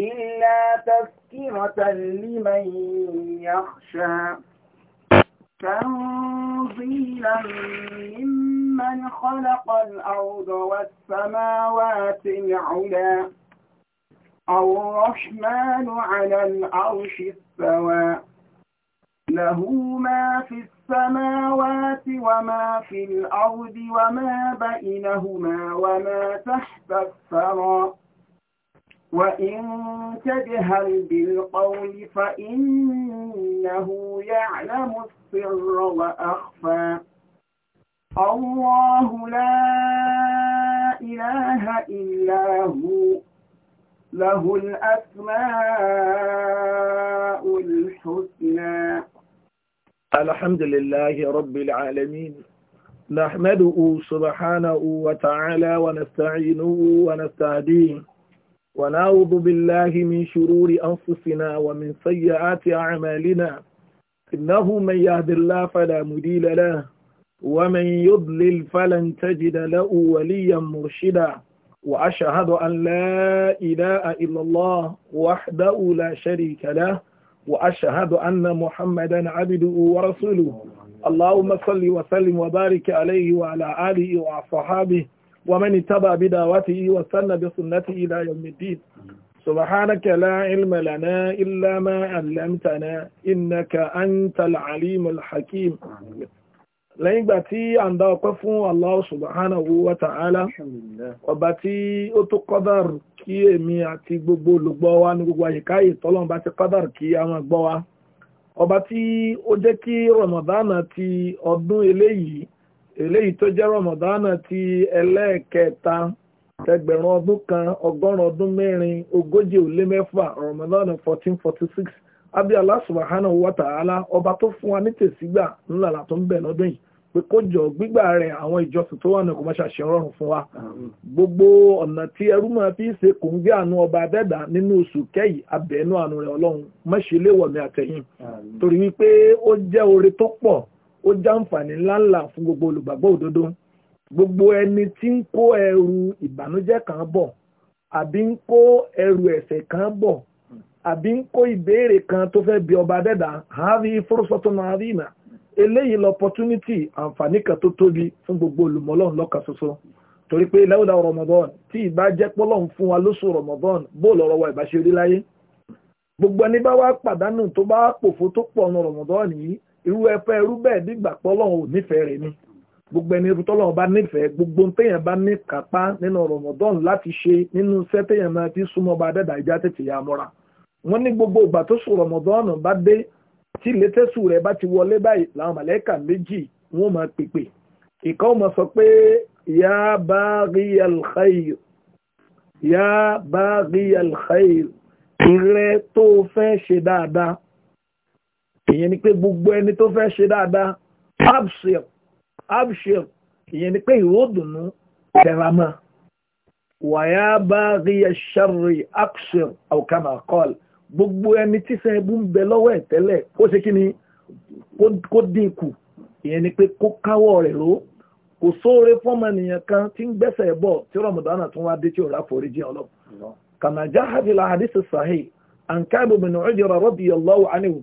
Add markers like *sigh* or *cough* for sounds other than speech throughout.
إلا تذكرة لمن يخشى تنظيلا ممن خلق الأرض والسماوات العلا الرحمن على العرش استوى له ما في السماوات وما في الأرض وما بينهما وما تحت الثرى وإن تجهل بالقول فإنه يعلم السر وأخفى الله لا إله إلا هو له الأسماء الحسنى الحمد لله رب العالمين نحمده سبحانه وتعالى ونستعينه ونستهديه ونعوذ بالله من شرور أنفسنا ومن سيئات أعمالنا إنه من يهد الله فلا مديل له ومن يضلل فلن تجد له وليا مرشدا وأشهد أن لا إله إلا الله وحده لا شريك له وأشهد أن محمدا عبده ورسوله اللهم صل وسلم وبارك عليه وعلى آله وصحابه ومن اتبع بدعوته واستنى بسنته إلى يوم الدين سبحانك لا علم لنا إلا ما علمتنا إنك أنت العليم الحكيم lẹ́yìn ìgbà tí a ń dá ọpẹ́ fún Allah subhanahu wa ta'ala ọba tí ó tó kọ́dàrù kí èmi àti gbogbo olùgbọ́ wa ní gbogbo àyíkáyè tọ́lọ́n bá ti kọ́dàrù kí àwọn gbọ́ wa ọba tí ó jẹ́ kí Ramadan ti ọdún eléyìí eléyìí tó jẹ́ rọmọdánà ti ẹlẹ́ẹ̀kẹta tẹgbẹ̀rún ọdún kan ọgọ́rùn ọdún mẹ́rin ogójì ò lé mẹ́fà rọmọdánà fourteen forty six abi Allah subhanahu wa ọba tó fún wa ní tèsígbà to làtó ń bẹ̀ lọ́dún yìí pé kó jọ gbígbà rẹ̀ àwọn ìjọsìn tó wà wa gbogbo ọ̀nà tí ẹrú máa fi ṣe kò ń gbé àánú ọba abẹ́dà nínú oṣù kẹ́yì àánú rẹ̀ ọlọ́run àtẹ̀yìn torí wípé ó jẹ́ ó jàǹfààní ńláńlá fún gbogbo olùgbàgbọ́ òdodo gbogbo ẹni tí ń kó ẹrù ìbànújẹ́ kan bọ̀ àbí ń kó ẹrù ẹ̀ṣẹ̀ kan bọ̀ àbí ń kó ìbéèrè kan tó fẹ́ bi ọba dẹ́dà hàbí fúrúsọ́tún náà rí ìnà eléyìí lọ́pọ̀túnítì àǹfààní kan tó tóbi fún gbogbo olùmọ́lọ́run lọ́kàn ṣoṣo torí pé lẹ́wọ̀dà rọmọdọ́n tí ìbá jẹ́ pọ́lọ́n fún wa lóṣù rọmọdọ́n bó lọ́rọ̀ wa ìbá ṣe láyé gbogbo ẹni bá wá pàdánù tó bá pòfo tó pọ̀ ọ̀nà rọmọdọ́n yìí irú ẹfẹ́ irú bẹ́ẹ̀ dìgbà pọ́lọ́hún ò nífẹ̀ẹ́ rẹ̀ ni gbogbo ẹni irú tọ́lọ́hún bá nífẹ̀ẹ́ gbogbo téèyàn bá ní kápá nínú Ramadan láti ṣe nínú iṣẹ́ téèyàn máa fi súnmọ́ bá dẹ́dà ìjà tètè yá mọ́ra wọ́n ní gbogbo ìgbà tó sùn Ramadan bá dé tí létẹ́sù rẹ̀ bá ti wọlé báyìí làwọn màlẹ́kà méjì wọ́n máa pèpè ìkan ó sọ pé ya baghiyal khair ya baghiyal khair ìrẹ́ tó fẹ́ ṣe dáadáa ìyẹn ni pé gbogbo ẹni tó fẹ́ ṣe dáadáa abshir abshir ìyẹn ni pé ìró dùnú tẹ̀ramọ́ wàyà bá rí ẹṣẹ́rì abshir àwòkàmà kọ́ọ̀lù gbogbo ẹni tí sẹ́ẹ̀bù ń bẹ lọ́wọ́ ẹ̀ tẹ́lẹ̀ kó ṣe kí ni kó dínkù ìyẹn ni pé kó káwọ́ rẹ̀ ró kò sóore fọ́mọnìyàn kan tí ń gbẹ́sẹ̀ bọ̀ tí rọmọdánà tún wá dé tí òrà foríjì ọlọ́pàá kànájà hajjila hadith sahih an Ka'b bin Ujra radiyallahu anhu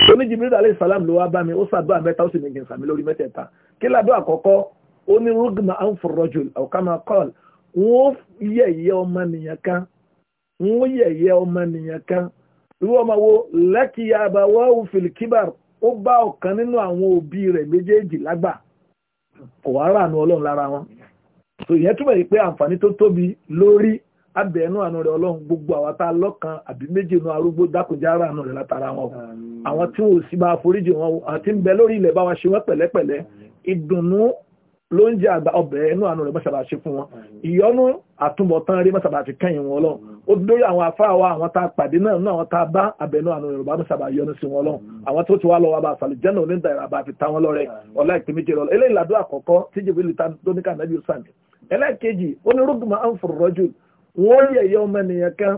ó ní Jibril alayhi salam ló wá bá mi ó ṣàdúrà mẹ́ta ó sì ní gẹ̀ǹsà mi lórí mẹ́tẹ̀ẹ̀ta kí ládùn àkọ́kọ́ ó ní rúgùnà anfu rajul aw kama qal wọ́n yẹ̀yẹ́ ọmọnìyàn kan wọ́n yẹ̀yẹ́ ọmọnìyàn kan irú ọmọ wo lakiya abawahu fil kibar ó bá ọ̀kan nínú àwọn òbí rẹ̀ méjèèjì lágbà kò wá ràánú ọlọ́run lára wọn tòyẹ́ túbọ̀ yìí pé àǹfààní tó tóbi lórí abẹ ẹnu àánú rẹ ọlọ́run gbogbo àwa tá a lọ́kàn àbí méjì inú arúgbó dákùnjá ara àánú rẹ látara wọn àwọn tí ò sí bá foríjì wọn àti ń bẹ lórí ilẹ̀ bá wa ṣe wọ́n pẹ̀lẹ́pẹ̀lẹ́ ìdùnnú ló ń jẹ́ àgbà ọbẹ̀ ẹnu àánú rẹ mọ́sàbà ṣe fún wọn ìyọnu àtúbọ̀tán rí mọ́sàbà ti kẹ́yìn wọn lọ ó dórí àwọn afá wa àwọn tá a pàdé náà náà àwọn tá a bá abẹnú àánú rẹ mọ́sàbà yọnu sí wọn lọ àwọn tó ti wá lọ wà bá àsàlùjẹ́nà onídàá ìràbà àti táwọn lọ́rẹ ọ̀la ìpínméjì lọ eléyìí làdó àkọ́kọ́ tíjẹ́ bí lè ta tó ní kànáà bí ó sàmì ẹlẹ́ẹ̀kejì onírúgbìmọ̀ àǹfọ̀rọ̀jù wọ́n yẹ̀yẹ́ ọmọ ènìyàn kan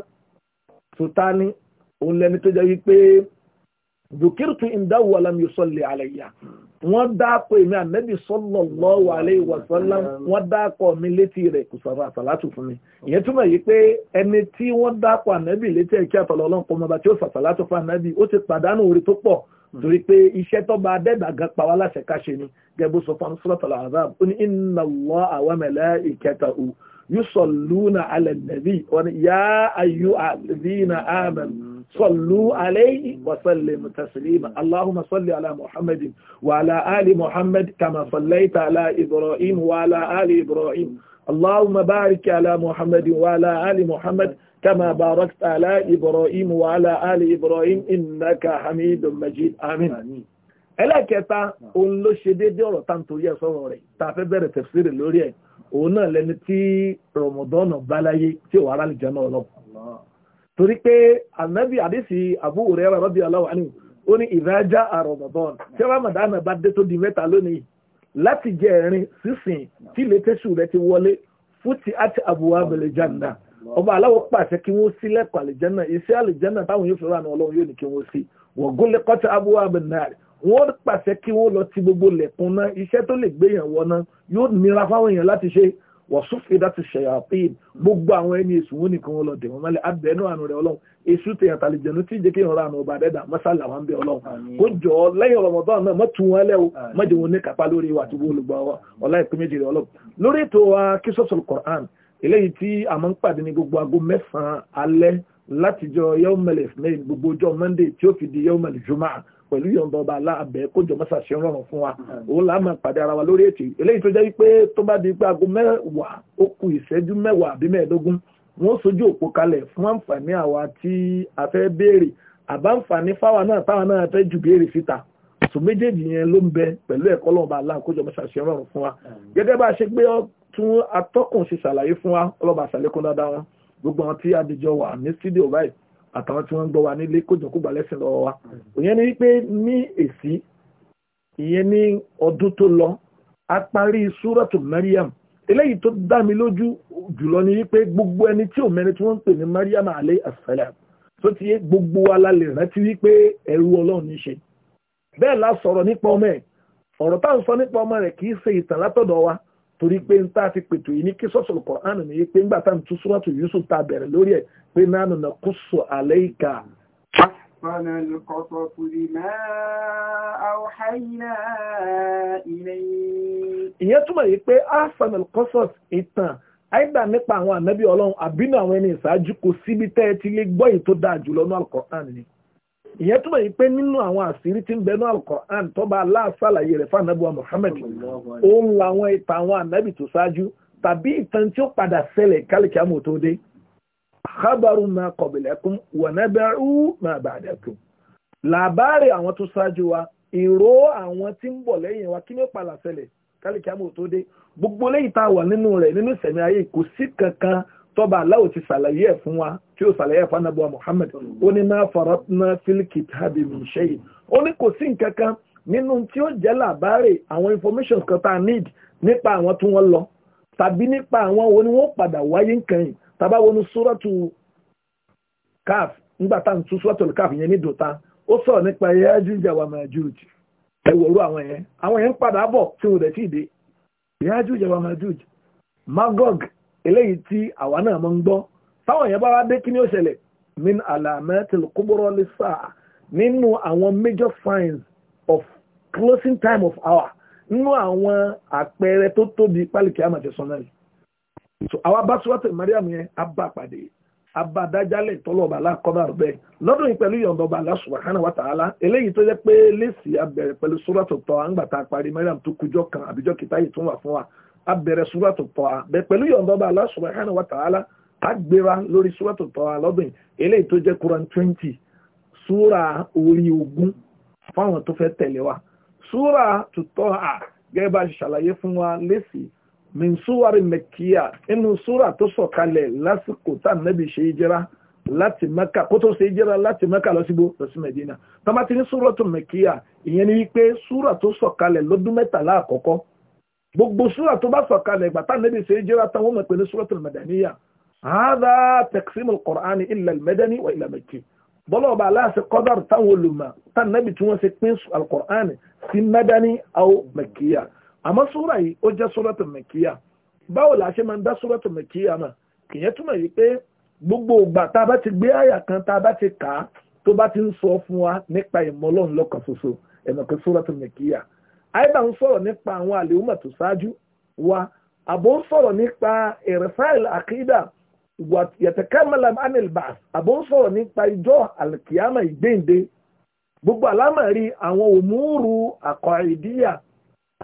tuta ni òun lẹni tó jẹ́ wípé dùkírùtù ìdáwò alámi sọ́lẹ̀ àlẹ́yà wọ́n dákọ̀ èmi ànẹ́bì sallallahu alaihi wasallam wọ́n dákọ̀ mi létí rẹ̀ kò sọ̀rọ̀ àsàlátù fún mi ìyẹn túmọ̀ yìí pé ẹni tí wọ́n dákọ̀ ànẹ́bì létí ẹ̀kí àtọ̀lọ́ ọlọ́nkọ ọmọba tí ó sàsàlátù fún ànẹ́bì ó ti pàdánù orí tó pọ̀ torí pé iṣẹ́ tó bá dẹ́gbà gan pa wá láṣẹ káṣe ni gẹ́gbó sọ fún suratul azab ó ní inna Allaha wa malaikatahu yusalluna ala nabi wani ya ayyu alladhina amanu sallu alayhi wa sallimu taslima allahumma salli ala muhammadin wa ala ali muhammad kama sallaita ala ibrahim wa ala ali ibrahim allahumma barik ala muhammadin wa ala ali muhammad كما باركت على إبراهيم وعلى آل إبراهيم إنك حميد مجيد آمين, آمين. ẹlẹ́kẹta òun ló ṣe déédé ọ̀rọ̀ tá ń torí ẹ̀ sọ̀rọ̀ rẹ̀ tá a fẹ́ òun náà lẹni tí rọmọdọ́nà bá láyé tí ò ara lè jẹ́ náà lọ. torí pé ànábì àdìsí Abu Hurairah radiyallahu anhu ó ní ìdájá àrọ̀mọ̀dọ́n tí Ramadan bá dé tó di mẹ́ta lónìí láti jẹ ẹ̀rin sísìn tí létẹ́sù rẹ ti wọlé fúti àti àbúwá abẹ́lẹ̀ jáde ọba aláwọ̀ pàṣẹ kí wọ́n sí lẹ́kọ̀ọ́ àlìjẹ́nà iṣẹ́ àlìjẹ́nà táwọn yóò fi ránà ọlọ́run yóò ní kí wọ́n sí wọ́n gúnlẹ̀ kọ́tà wọ́n pàṣẹ kí wọ́n lọ ti gbogbo lẹ̀kùn náà iṣẹ́ tó lè gbéyàn wọ náà yóò nira fáwọn èèyàn láti ṣe wọ̀súfì láti ṣẹ̀yàpín gbogbo àwọn ẹni èṣù wọn nìkan wọn lọ dè wọn mọ́lẹ̀ abẹ́nú àánú rẹ̀ ọlọ́run èṣù tèèyàn tàlejànú tí ìjẹ́ kéèyàn ra àánú ọba àdẹ́dà mọ́sálà wọn bẹ ọlọ́run kó jọ ọ lẹ́yìn Ramadan náà mọ́tù wọn lẹ́wọ́ mọ́jọ wọn ní kápá lórí ìwà àtúbọ̀ olùgbọ́ ọlá ìpín méjì rẹ̀ ọlọ́run lórí ètò wa kí sọ́sọ̀lù Qur'an eléyìí tí a máa ń pàdé ní gbogbo aago mẹ́sàn-án alẹ́ látijọ́ yẹ́wọ́mẹ̀lẹ̀ gbogbo ọjọ́ Monday tí ó fi di yẹ́wọ́mẹ̀lẹ̀ jùmọ̀ pẹ̀lú yọ̀ǹda ọba aláàbẹ̀ kójọ mọ́sàṣẹ́ rọrùn fún wa òun là á máa pàdé ara wa lórí ètò eléyìí tó jẹ́ wípé tó bá di pé aago mẹ́wàá ó kù ìṣẹ́jú mẹ́wàá àbí mẹ́ẹ̀ẹ́dógún wọ́n sojú òpó kalẹ̀ fún àǹfààní àwa tí a fẹ́ béèrè àbáǹfààní fáwa náà táwa náà fẹ́ jù béèrè síta sùn méjèèjì yẹn ló ń bẹ pẹ̀lú ẹ̀kọ́ lọ́ba aláàkójọ mọ́sàṣẹ́ rọrùn fún wa gẹ́gẹ́ bá a ṣe pé tún atọ́kùn ṣe ṣàlàyé fún wa ọlọ́ba àṣàlékún dáadáa wọn gbogbo àwọn tí adìjọ wà ní sídìò báyìí àtàwọn tí wọ́n gbọ́ wa nílé kó lẹ́sìn lọ́wọ́ wa òyìn ni wípé ní èsì ìyẹn ní ọdún tó lọ a parí súrọ̀tù Mariam eléyìí tó dá mi lójú jùlọ ni wípé gbogbo ẹni tí ò mẹ́ni tí wọ́n ń pè ní Mariam alẹ́ asalaam tó ti yé gbogbo wa la lè rántí wípé ẹrú Ọlọ́run ní ṣe bẹ́ẹ̀ la sọ̀rọ̀ nípa ọmọ ẹ̀ ọ̀rọ̀ táwọn sọ nípa ọmọ rẹ̀ kì í ṣe ìtàn látọ̀dọ̀ wa torí pé n ta fi pètò yìí ní kí sọ́sọ̀rọ̀ Kùránì ní pé ńgbà tá à ń tú súrọ́tù Yusuf ta bẹ̀rẹ̀ lórí ẹ̀ pé nánà nà kó sọ àlẹ́ ìka. أحسن القصص بما أوحينا ìyẹn túmọ̀ yìí pé أحسن القصص ìtàn àìgbà nípa àwọn ànábì ọlọ́run àbínú àwọn ẹni ìṣáájú kò síbi tẹ́ ẹ ti lè gbọ́ èyí tó dáa jùlọ ní Al-Kùránì ni ìyẹn túmọ̀ yìí pé nínú àwọn àṣírí tí ń bẹnu Al-Qur'an tọ́ba aláàṣàlàyé rẹ̀ fànàbùwà Muhammad òun làwọn ìta àwọn ànábì tó ṣáájú tàbí ìtàn tí ó padà ṣẹlẹ̀ kálíkì àmọ́ tó dé khabaru ma qablakum wa naba'u ma ba'dakum làbárè àwọn tó ṣáájú wa ìró àwọn tí ń bọ̀ lẹ́yìn wa kí ni ó padà ṣẹlẹ̀ kálíkì àmọ́ tó dé gbogbo tọ́ba aláwọ̀ ti ṣàlàyé ẹ̀ fún wa tí ó ṣàlàyé ẹ̀ fún anábọ̀ Muhammad ó ní máa faratna fil kitabi min shay ó ní kò sí nǹkan kan nínú tí ó jẹ́ information kan tá a need nípa àwọn tí wọ́n lọ tàbí nípa àwọn wo ni wọ́n padà wáyé nǹkan yìí tàbá wọnú sóràtù káf nígbà tá à tún sóràtù káf yẹn ní dòta ó sọ̀rọ̀ nípa wà àwọn yẹn àwọn Magog eléyìí tí àwa náà mọ̀ ń gbọ́ táwọn yẹn bá wá dé kí ni ó ṣẹlẹ̀ min alamatil kubra lisaa nínú àwọn major signs of closing time of hour nínú àwọn àpẹẹrẹ tó tóbi pálíkì àmàjẹsán so àwa bá sọ́tẹ̀ mariam yẹn á bá pàdé abadájálẹ̀ tọ́lọ́ba aláàkọ́bà rẹ̀ lọ́dún yìí pẹ̀lú yọ̀ǹda ọba Allah subhanahu wa ta'ala eléyìí tó jẹ́ pé lẹ́sì abẹ̀rẹ̀ pẹ̀lú sóràtọ̀tọ̀ àǹgbàtà parí mariam tó kújọ́ kan àbíjọ́ kìtá yìí wà fún wa a bẹ̀rẹ̀ súrọ̀tù tọ́ha bẹ̀ pẹ̀lú yọ̀ǹdọ́ba Allah subhanahu wa ta'ala a gbéra lórí súrọ̀tù tọ́ha lọ́dún eléyìí tó jẹ́ Quran twenty súra orí ogún fáwọn tó fẹ́ tẹ̀lé wa súra tutọ́ a gẹ́gẹ́ bá a ṣàlàyé fún wa lẹ́sìn minsuwari mẹ́kíyà inú tó lásìkò tá ṣe é jẹ́ra láti mẹ́kà kó tó ṣe gbogbo súrà tó bá sọ̀kalẹ̀ ìgbà tá nẹ́bí ṣe é jẹ́ra tán wọ́n mọ̀ pé ní súratul madaniyya hadha taqsimul qur'ani illa al-madani wa illa makki bọ́lá ọba aláàṣẹ kọ́dọ̀rù táwọn olùmọ̀ tá nẹ́bí tí wọ́n ṣe pín al-qur'ani sí madani aw makkiya àmọ́ súrà yìí ó jẹ́ súratul makkiya báwo la ṣe máa ń dá súratul makkiya mà kìyẹn túmọ̀ yìí pé gbogbo ìgbà tá a bá ti gbé àyà kan tá a bá ti kà á tó bá ti ń sọ fún wa nípa ìmọ̀ ẹ̀nà kan súratul makkiya àìbá ń sọ̀rọ̀ nípa àwọn àlèhùnmọ̀ tó ṣáájú wa àbò ń sọ̀rọ̀ nípa ìrẹ̀fáìl àkídà yàtẹ̀kẹ́mẹ́lá anilbà àbò ń sọ̀rọ̀ nípa ìjọ àlìkìyàmà ìgbéǹde gbogbo àlámọ̀rí àwọn òmùúrù àkọ́ìdíyà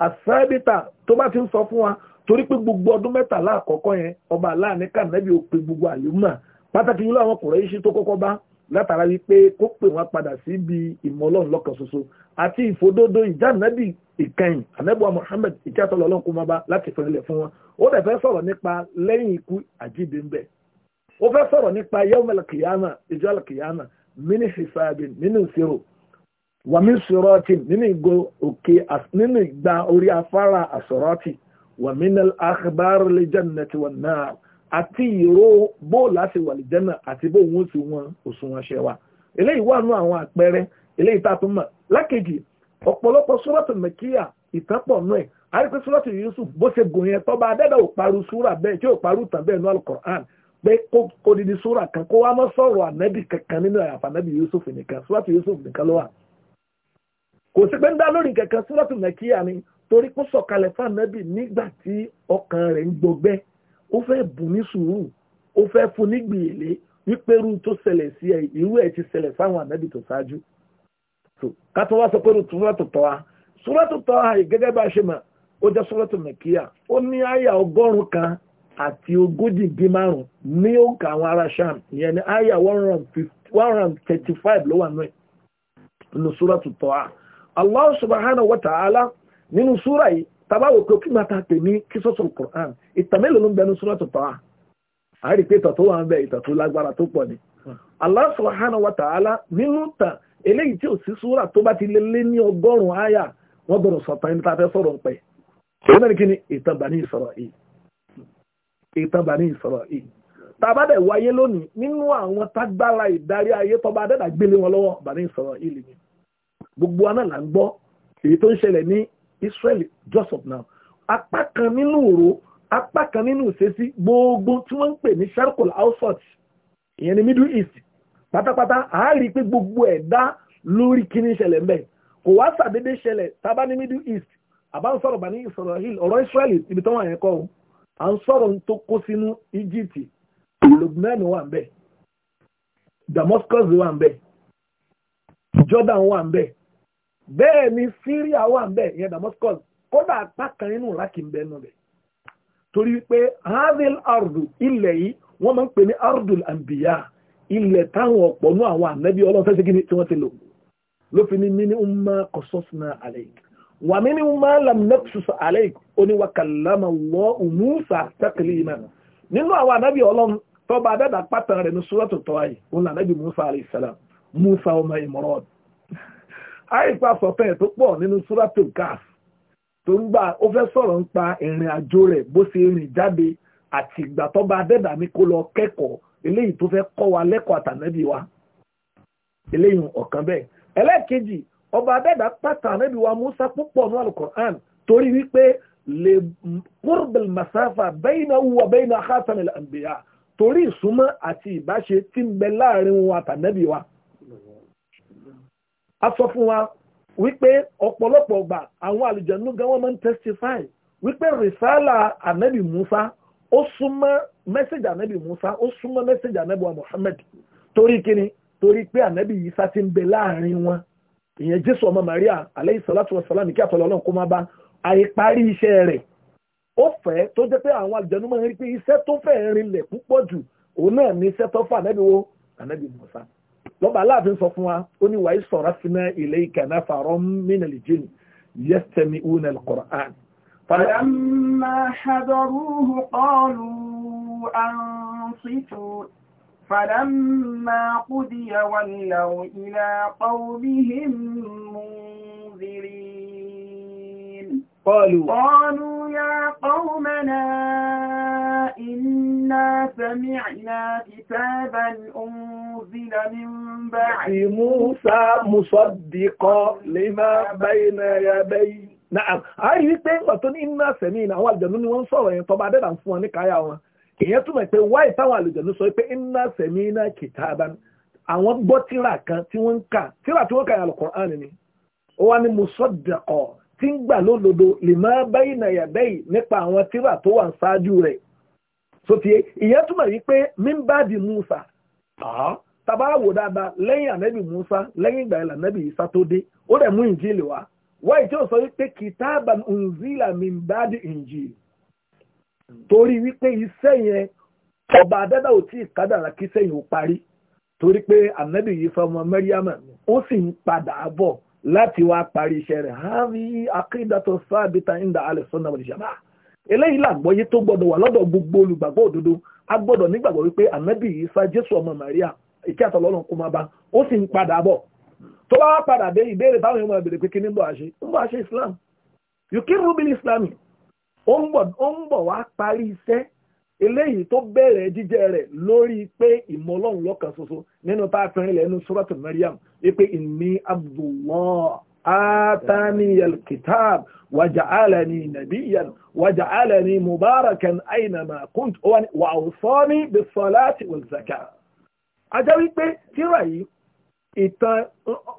àṣẹ́bítà tó bá ti ń sọ fún wa torí pé gbogbo ọdún mẹ́tàlá àkọ́kọ́ yẹn ọba aláàánú kànáàbí ò pe gbogbo àlèhùnmọ̀ pàtàkì yìí láwọn kòrò iṣẹ́ tó kọ́kọ́ bá látara wípé kó pè wọ́n padà síbi ìmọ̀ ọlọ́run lọ́kan ṣoṣo àti ìfòdodo ìjánẹ́bì ìkẹyìn ànẹ́bùwà Muhammad ìkẹ́tọ̀lọ́ ọlọ́run kó máa bá láti fẹ́rẹ̀lẹ̀ fún wọn ó dẹ̀ fẹ́ sọ̀rọ̀ nípa lẹ́yìn ikú àjíǹde ń bẹ ó fẹ́ sọ̀rọ̀ nípa yawmal qiyama ìjọ al-qiyama mini hisabin nínú ìṣirò wàmí sọ̀rọ̀tì nínú ìgò òkè nínú ìgbà orí afárá àsọ̀rọ̀tì wàmí akhbari lil jannati wan nar àti ìró bó láti wà lil lákejì ọ̀pọ̀lọpọ̀ súrọ́tù mẹ́kíyà ìtàpọ̀ náà ẹ̀ àríkú súrọ́tù Yusuf bó ṣe gùn yẹn tọ́ba adẹ́dà ò paru súrà bẹ́ẹ̀ tí ò paru tàn bẹ́ẹ̀ ní alukoran pé kó didi kan kó wá mọ́ sọ̀rọ̀ kankan nínú àyàfà nìkan nìkan ló wà. kò kankan mẹ́kíyà ni torí kó sọ̀kalẹ̀ fún nígbà so ká tó wá sọ pé sùrọ́tù tọ́ a sùrọ́tù tọ́ a yìí gẹ́gẹ́ bá ṣe mọ̀ ó jẹ́ sùrọ́tù mẹ́kíyà ó ní àyà ọgọ́rùn-ún kan àti ogójì dín márùn ní òǹkà àwọn ará sham ìyẹn ní àyà one hundred thirty five ló wà nínú sùrọ́tù tọ́ a allah wa ta'ala nínú yìí tabawo kí ta pè ní kí eléyìí tí ò sí súrà tó bá ti lé lé ní ọgọ́rùn-ún àyà wọ́n gbọ́dọ̀ sọ̀tàn ẹni tá a fẹ́ sọ̀rọ̀ ń pẹ́ òun náà ni kí ni ìtàn Bani Isra'il ìtàn Bani Isra'il tàbá dẹ̀ wáyé lónìí nínú àwọn tágbára ìdarí ayé tọba adẹ́dà gbélé wọn lọ́wọ́ Bani Isra'il ni gbogbo aná là ń gbọ́ èyí tó ń ṣẹlẹ̀ ní Israel Joseph of now apá kan nínú òru apá kan nínú ìṣesí gbogbo tí pátápátá àárí pé gbogbo ẹ̀dá lórí kíní ṣẹlẹ̀ ń bẹ̀ kò wá sàdédé ṣẹlẹ̀ tábà ní middle east àbá ń sọ̀rọ̀ bani israel ọ̀rọ̀ israel ibi tó wà yẹn kọ́ o à ń sọ̀rọ̀ tó kó sínú egypt lubnan wà ń damascus wà ń jordan wà ń bẹ̀ bẹ́ẹ̀ ni syria wà ń bẹ̀ damascus kódà apá kan nínú iraq ń bẹ̀ nù bẹ̀ torí pé hazel ardu ilẹ̀ yìí wọ́n máa ń pè ní ardul anbiya ilẹ̀ táwọn ọ̀pọ̀ ní àwọn ànábì ọlọ́run fẹ́ẹ́ ṣe kíni tí wọ́n ti lò ló fi ní mí ní ń má kọ́sọ́sùnà àlẹ́yìn wà mí ní ń má lamnẹ́kùsùsù àlẹ́yìn oníwà kàlámà wọ́ òmùsà tẹ́kìlì iná nínú àwọn ànábì ọlọ́run tọ́ba pátá rẹ̀ ní súrọ́tù tọ́ ayé òun là ànábì musa alayhi salam musa ọmọ ìmọ̀ràn àìpá sọ̀fẹ́ tó pọ̀ nínú súrọ́tù gáf tó ń gbà ó fẹ́ sọ̀rọ̀ nípa ìrìn àjò rẹ̀ bó ṣe rìn jáde àtìgbà tọ́ba adẹ́dà ní kó lọ kẹ́kọ̀ọ́ eléyìí tó fẹ́ kọ́ wa lẹ́kọ̀ọ́ àtànẹ́bí wa eléyìí ọ̀kan bẹ́ẹ̀ ẹlẹ́ẹ̀kejì ọba adẹ́dà pàtà ànábì wa Musa púpọ̀ ní alukoran torí wípé lè kúrbìl masáfà bẹ́yìnà wúwa bẹ́yìnà hasanil anbiya torí ìsúnmọ́ àti ìbáṣe tí ń bẹ láàrin wọn àtànẹ́bí wa a sọ fún wa wípé ọ̀pọ̀lọpọ̀ gbà àwọn àlùjànnú gan wọ́n máa ń testify wípé rìsálà ànábì Musa ó súnmọ́ mẹ́sẹ̀jì ànábì Musa ó súnmọ́ mẹ́sẹ̀jì ànábì Muhammad torí kíni torí pé ànábì Isa ti ń bẹ láàrin wọn ìyẹn Jésù ọmọ Maria aleyhi salatu wa salam kí àtọ̀lọ́ ọlọ́run kó má bá àìparí iṣẹ́ rẹ̀ ó fẹ́ tó jẹ́ pé àwọn àjẹnú máa ń rí pé iṣẹ́ tó fẹ́ rinlẹ̀ púpọ̀ jù òun náà ní iṣẹ́ tó fà ànábì wo ànábì Musa lọ́ba aláàfin sọ fún wa ó ní wàá sọ̀rọ̀ sínú ilé ìkànnà فلما حضروه قالوا أنصتوا فلما قضي ولوا إلى قومهم منذرين قالوا قالوا يا قومنا إنا سمعنا كتابا أنزل من بعد موسى مصدقا لما بين يديه náà a rí wípé ìgbà tó ní iná sẹ̀mí ní àwọn àlùjọ̀nú ni wọ́n ń sọ̀rọ̀ yẹn tọ́ba adẹ́dà ń fún wọn ní káyà wọn ìyẹn túmọ̀ pé wáyé táwọn àlùjọ̀nú sọ pé iná sẹ̀mí iná kìtàbá àwọn gbọ́ tíra kan tí wọ́n ń kà tíra tí wọ́n kà yà Al-Qur'an ni ó wá ní musaddaqo tí ń gbà lódodo lima bayna yadayhi nípa àwọn tíra tó wà ṣáájú rẹ̀ sóti ìyẹn túmọ̀ wípé mímbàdì Musa tàbá wò dáadáa lẹ́yìn ànábì Musa lẹ́yìn ìgbà ìlànà ànábì Isa tó dé ó dẹ̀ mú Injili wá wáyé tí ó sọ wípé kìtàbà unzila min badi injil torí wípé iṣẹ́ yẹn ọba adẹ́dà ò tí ì kádàrà kí iṣẹ́ yẹn ò parí torí pé ànábì yìí fọmọ mẹ́ríàmà ó sì ń padà bọ̀ láti wá parí iṣẹ́ rẹ̀ hàmì akíndàtò sábìtà ìndà alẹ́ sọ́nà wal jamaa eléyìí làgbọ́yé tó gbọ́dọ̀ wà lọ́dọ̀ gbogbo olùgbàgbọ́ òdodo a nígbàgbọ́ wípé ànábì yìí fa jésù ọmọ màríà ìkí àtọ̀lọ́run kó tó bá wá padà dé ìbéèrè báwọn èèyàn máa bèrè pé kí ní bọ̀ àṣe ń bọ̀ àṣe islam yukiru bil islami ó ń bọ̀ wá parí iṣẹ́ eléyìí tó bẹ̀rẹ̀ jíjẹ rẹ̀ lórí pé ìmọ̀ ọlọ́run lọ́kàn ṣoṣo nínú tá a fi rinlẹ̀ nínú suratu mariam wípé inni abdullah ataniyal kitab waja'alani nabiyan waja'alani mubarakan aynama kunt wa awsani bis salati wal zakat. ajá wípé tíra yìí ìtàn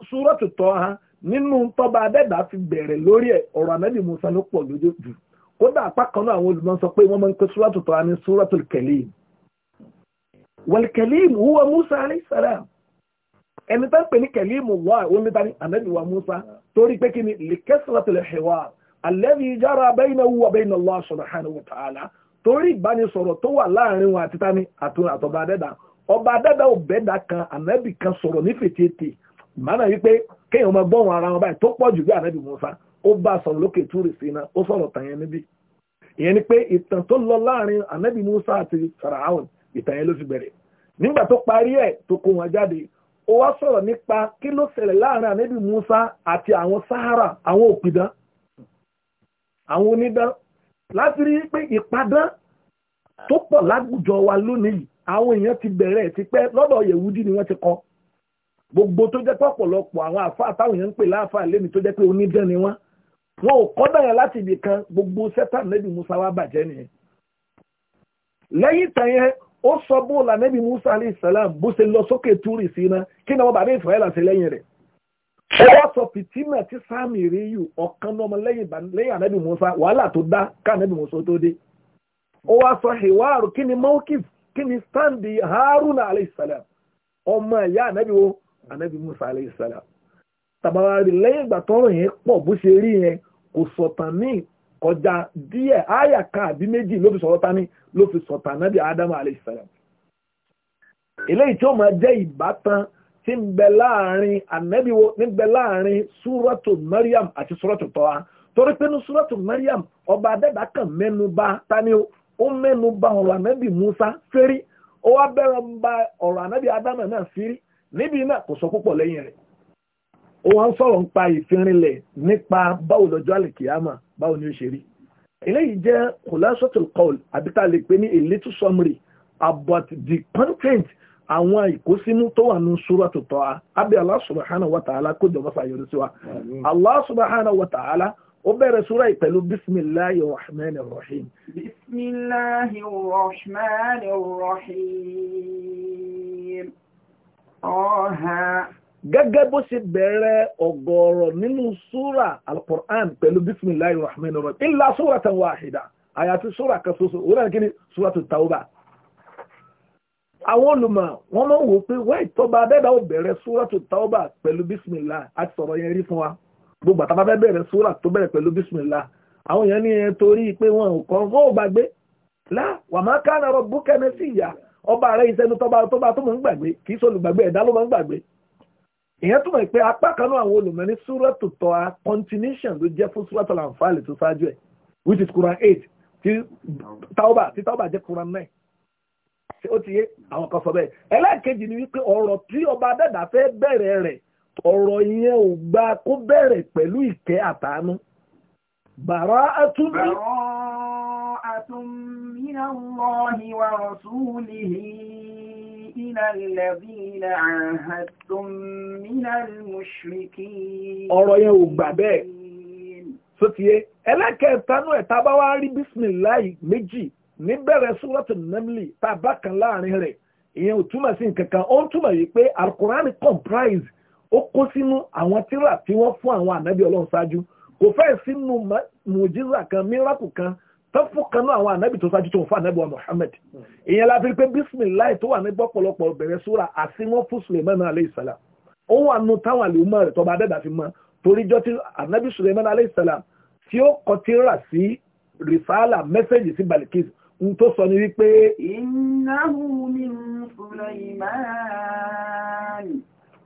súrọ́tù Tọ́ha nínú tọ́ba adẹ́dà fi bẹ̀rẹ̀ lórí ẹ̀ ọ̀rọ̀ ànábì Musa ló pọ̀ lójú jù kódà apá kan náà àwọn olùmọ̀ sọ pé wọ́n máa ń pe súrọ́tù Tọ́ha ní súrọ́tù Kalim wal Kalim huwa Musa alayhi salam ẹni tó ń pè ní kẹ̀límù wà omi ta ni ànábì wa Musa torí pé kí ni likasratil hiwar alladhi jara bainahu wa bain Allah subhanahu wa ọba adáda òbẹ́dà kan anabi kan sọ̀rọ̀ ní fètètè màánà wípé kéèyàn máa gbọ́ ara wọn báyìí tó pọ̀ jù bí ànábì Mùsá ó bá a sọ̀rọ̀ lókè túrì sí iná ó sọ̀rọ̀ tàn yẹn níbí ìyẹn ni pé ìtàn tó lọ láàrin anabi musa àti Fáráò ìtàn yẹn ló fi bẹ̀rẹ̀ nígbà tó parí ẹ̀ tó kó wọn jáde ó wá sọ̀rọ̀ nípa kí ló ṣẹlẹ̀ láàrin ànábì Mùsá àti àwọn Sahara àwọn òpìdán àwọn onídán láti rí pé ìpadán tó pọ̀ láwùjọ wa lónìí àwọn èèyàn ti bẹ̀rẹ̀ ti pẹ́ lọ́dọ̀ yẹ̀wúdí ni wọ́n ti kọ́ gbogbo tó jẹ́ pé ọ̀pọ̀lọpọ̀ àwọn àfáà táwọn èèyàn ń pè láàfáà pé ni wọ́n wọn ò kan gbogbo sẹ́tàn nẹ́bí musa wa bàjẹ́ nìyẹn lẹ́yìn yẹn ó sọ la nẹ́bí musa alayhi salam bó ṣe lọ sókè túrì sí iná kí ni wọn bàbá lẹ́yìn sọ tí sáàmì rí yù ọ̀kan lọ́mọ lẹ́yìn musa wàhálà tó dá ká musa tó dé ó wá sọ kí ni kí ni stand haruna aleyhisselam ọmọ ìyá anabi wo anabi musa aleyhisselam tàbáwárí lẹ́yìn ìgbà tọ́rọ̀ yẹn pọ̀ bó ṣe rí yẹn kò sọ̀tàn ní kọjá díẹ̀ àyà kan àbí méjì ló fi sọ̀rọ̀ tani ló fi sọ̀tàn anabi adamu aleyhisselam eléyìí tí ó máa jẹ́ ìbátan tí ń bẹ láàrin anabi wo ní bẹ láàrin súrọ́tò mariam àti súrọ́tò tọ́wa torí pé ní súrọ́tò mariam ọba adẹ́dàkàn mẹ́nu bà o ó ba ọrụ anabi Musa fẹ́rí ó abere mba ọrụ anabi ànábì na firi fẹ́rí níbi náà kò sọ púpọ̀ lẹ́yìn rẹ̀ ó wá ń sọ̀rọ̀ nípa ìfinrinlẹ̀ nípa báwo lọ́jọ́ àlèkìyàmà báwo ni ó ṣe rí eléyìí jẹ́ àbíta lè pe ní a little summary about the content àwọn ìkósínú tó wà ní tó a. Abi Allah subhanahu kó jọba sí wa. ó bẹ̀rẹ̀ súra yìí pẹ̀lú bisimilahi rahman rahim. bisimilahi rahman rahim. ọ̀hà. gẹ́gẹ́ bó ṣe bẹ̀rẹ̀ ọ̀gọ̀ọ̀rọ̀ nínú súra alukur'an pẹ̀lú bisimilahi rahman rahim illa súra tan wàhídà àyàfi súra kan ṣoṣo òun náà kí ni súra tó tawba àwọn olùmọ̀ wọ́n máa ń wò pé wáì tọ́ba abẹ́dà ò bẹ̀rẹ̀ súrọ́tù tọ́ba pẹ̀lú bísímìlá àti sọ̀rọ̀ yẹn rí fún wa gbogbo àtàbà fẹ́ bẹ̀rẹ̀ sóra tó bẹ̀rẹ̀ pẹ̀lú bísímìlá àwọn èèyàn ní ẹ torí pé wọn ò kọ́ ó gbàgbé lá wà má ká nàrọ̀ bú kẹ́mi sí ìyá ọba rẹ̀ ìṣẹ́nu tọ́ba tó bá tó mọ̀ ń gbàgbé kì í sọlùgbàgbé ẹ̀dá ló mọ̀ ń gbàgbé ìyẹn túmọ̀ pé apá kan náà àwọn olùmọ̀ ní súrọ́tù a continuation ló jẹ́ fún súrọ́tù lànfààlì tó ṣáájú ẹ̀ which is Quran eight ti tauba ti tauba jẹ́ Quran nine ó ti yé àwọn kan sọ bẹ́ẹ̀ ẹlẹ́ẹ̀kejì ni wípé ọ̀rọ̀ tí ọba adẹ́dà fẹ́ bẹ̀rẹ̀ rẹ̀ ọ̀rọ̀ yẹn ò gba kó bẹ̀rẹ̀ pẹ̀lú ìkẹ́ àtàánú bàrá àtúnbí. bàrá ọ̀rọ̀ yẹn ò gbà bẹ́ẹ̀ so ẹlẹ́kẹ̀ẹ́tanú bá wá rí méjì níbẹ̀rẹ̀ nẹ́mìlì tá a bá kan láàrin rẹ̀ ìyẹn ò túmọ̀ sí comprise ó kó sínú àwọn tírà tí wọ́n fún àwọn ànábì ọlọ́run ṣáájú kò fẹ́ sínú mùjíza kan míràkù kan tó fún kan náà àwọn ànábì tó ṣáájú tó fún ànábì wa Muhammad ìyẹn la fi pé bisimilayi tó wà ní gbọ́pọ̀lọpọ̀ bẹ̀rẹ̀ súra àti wọ́n fún Suleiman alayhi salam ó wà nù táwọn àlè umar tó bá dẹ́gbà fi mọ́ toríjọ́ tí ànábì Suleiman alayhi salam tí ó kọ tírà sí rìsáàlà mẹ́sẹ̀jì sí Balikis ń tó sọ ní wípé. innahu min Suleiman.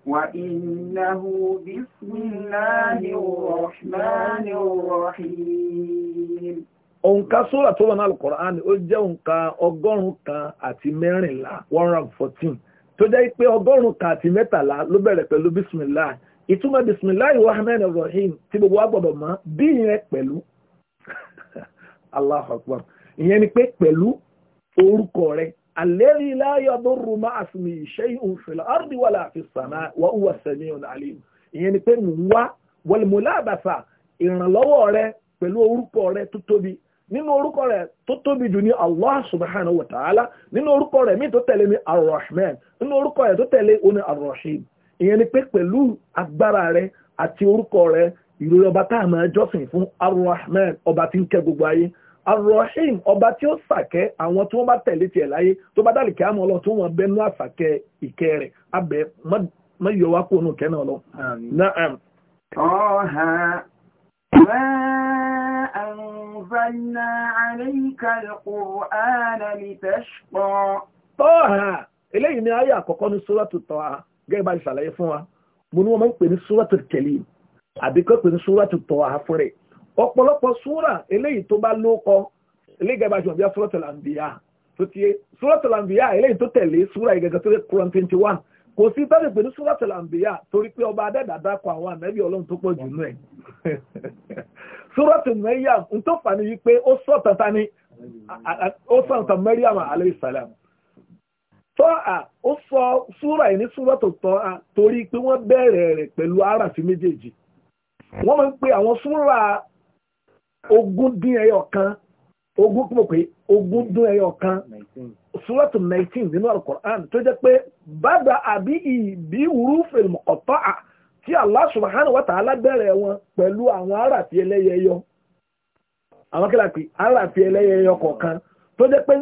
وإنه بسم الله الرحمن الرحيم òǹkà sóra tó wà náà alukoran ó jẹ́ òǹkà ọgọ́rùn-ún kan àti mẹ́rìnlá one hundred fourteen tó jẹ́ pé ọgọ́rùn-ún kan àti mẹ́tàlá ló bẹ̀rẹ̀ pẹ̀lú bisimilá ìtumọ̀ bisimilá irrahman rahim tí gbogbo wa gbọ́dọ̀ bí ìyẹn pẹ̀lú *laughs* ìyẹn ni pé pẹ̀lú orúkọ rẹ̀ الذي لا يضر ma'a اسمه شيء في ardi ولا في السماء وهو السميع العليم يعني 'alim ìyẹn ni pé لو ń wá wal mulabasa ìrànlọ́wọ́ rẹ pẹ̀lú orúkọ rẹ tó tóbi nínú orúkọ rẹ̀ tó tóbi jù ní Allah subhanahu wa ta'ala nínú orúkọ rẹ̀ míì tó tẹ̀lé ní Ar-Rahman nínú orúkọ rẹ̀ tó tẹ̀lé oní Ar-Rahim ìyẹn ni pé pẹ̀lú agbára rẹ̀ àti orúkọ rẹ̀ ìròyìn ọba tá a máa jọ́sìn fún gbogbo ayé arrohim ọba tí ó sàkẹ́ àwọn tí wọ́n bá tẹ̀lé tiẹ̀ láyé tó bá dàlí kíámọ́ lọ tó wọn bẹnu àsàkẹ́ ìkẹ́ rẹ̀ abẹ mọ yọ wá kúrò nù náà lọ. Ọ̀hà ma anzalna alayka Tọ́hà eléyìí ni ayé àkọ́kọ́ ní fún wa. Mo ní wọ́n máa ń pè ní àbíkọ́ pè ní ọ̀pọ̀lọpọ̀ súrà eléyìí tó bá lóko eléyìí gẹ́gẹ́ bá ṣùgbọ́n bí i suratul anbiya tó ti suratul anbiya eléyìí tó tẹ̀lé súrà ìgẹ̀gẹ̀ tó kúrọ̀ twenty one kò sí tọ́lẹ̀ pẹ̀lú suratul anbiya torí pé ọba adẹ́dà dákọ̀ àwọn ànábì ọlọ́run tó pọ̀ jù nú ẹ̀ *laughs* suratul Maryam ń tó fà ní wípé ó sọ̀tàn ta ni ó sọ̀tàn Maryam alayhi salam tọ́ à ó sọ súrà yìí ní súrà tọ́ à torí pé wọ́n bẹ̀rẹ̀ rẹ̀ pẹ̀lú àràfin méjèèjì wọ́n máa ń pe àwọn súrà ogun dín ẹyọ kan ogún kí mo pè ogún dín ẹyọ kan suratu nineteen nínú alukur'an tó jẹ́ pé bàbá àbí ìbí hurufil muqatta'a tí Allah subhanahu wa ta'ala bẹ̀rẹ̀ wọn pẹ̀lú àwọn aráàfi ẹlẹ́yẹ yọ àwọn ẹlẹ́yẹ yọ kọ̀ọ̀kan tó pé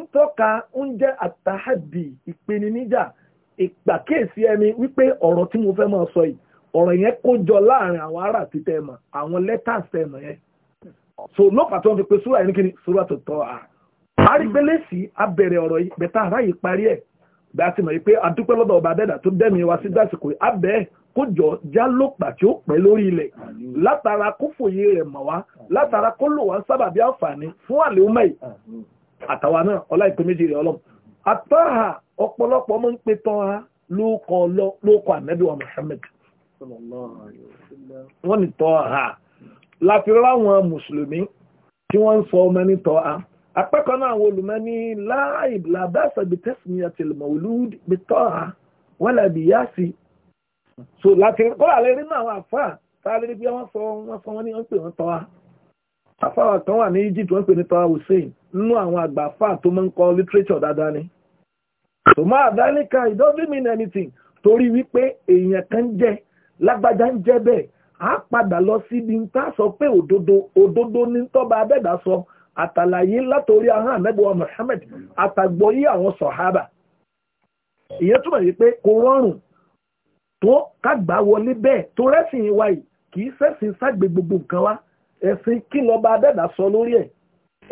wípé ọ̀rọ̀ tí mo fẹ́ máa sọ yìí ọ̀rọ̀ yẹn kó jọ láàrin àwọn tẹ̀ mọ̀ so lọ́pàá tí wọ́n fi pe sóra yìí ní kíni sóra tó tọ́ a parí gbélésì abẹ̀rẹ̀ ọ̀rọ̀ yìí bẹ̀tà aráyè parí ẹ̀ bí a ti mọ̀ yìí pé adúpẹ́ lọ́dọ̀ ọba abẹ́dà tó dẹ́mi wá sí dásìkò yìí abẹ́ kó jọ já lọ́pàá tí ó pẹ́ lórí ilẹ̀ látara kó fòye rẹ̀ mọ̀ wá látara kó lò wá sábàbí àǹfààní fún àlè yìí àtàwa náà ọlá ìpè méjì rẹ̀ ọlọ́m àtọ́hà ọ̀pọ̀lọpọ̀ ọmọ ha láti ráwọn mùsùlùmí tí wọ́n ń sọ ọmọ ní tọ́ a apẹ́kọ̀ọ́ náà àwọn olùmọ́ ní láàyè làbáṣà bíi tẹ́sìmì àti mọ̀lúù bíi tọ́ wọ́n là yá sí i so láti kọ́lá lè rí náà àwọn àfáà tá a lè rí bí wọ́n sọ wọ́n sọ wọ́n ní wọ́n pè wọ́n tọ́ a àfáà kan wà ní Egypt wọ́n pè ní tọ́ a Hussein nínú àwọn àgbà àfáà tó máa ń kọ literature dáadáa ni so máa dálé ka it doesn't mean anything torí wípé èèyàn kan jẹ́ lágbájá ń jẹ́ bẹ́ẹ̀ a padà lọ síbi ń tá sọ pé òdodo òdodo ní tọ́ba abẹ́dà sọ àtàlàyé látòrí ahọ́n àmẹ́bùwà Muhammad àtàgbọ́yé àwọn sọ̀hábà ìyẹn túmọ̀ yìí pé kò rọrùn tó kàgbà wọlé bẹ́ẹ̀ tó rẹ́sìn ìwà yìí kì í ṣẹ̀sìn ságbè gbogbo nǹkan wa ẹ̀sìn kí lọ́ba abẹ́dà sọ lórí ẹ̀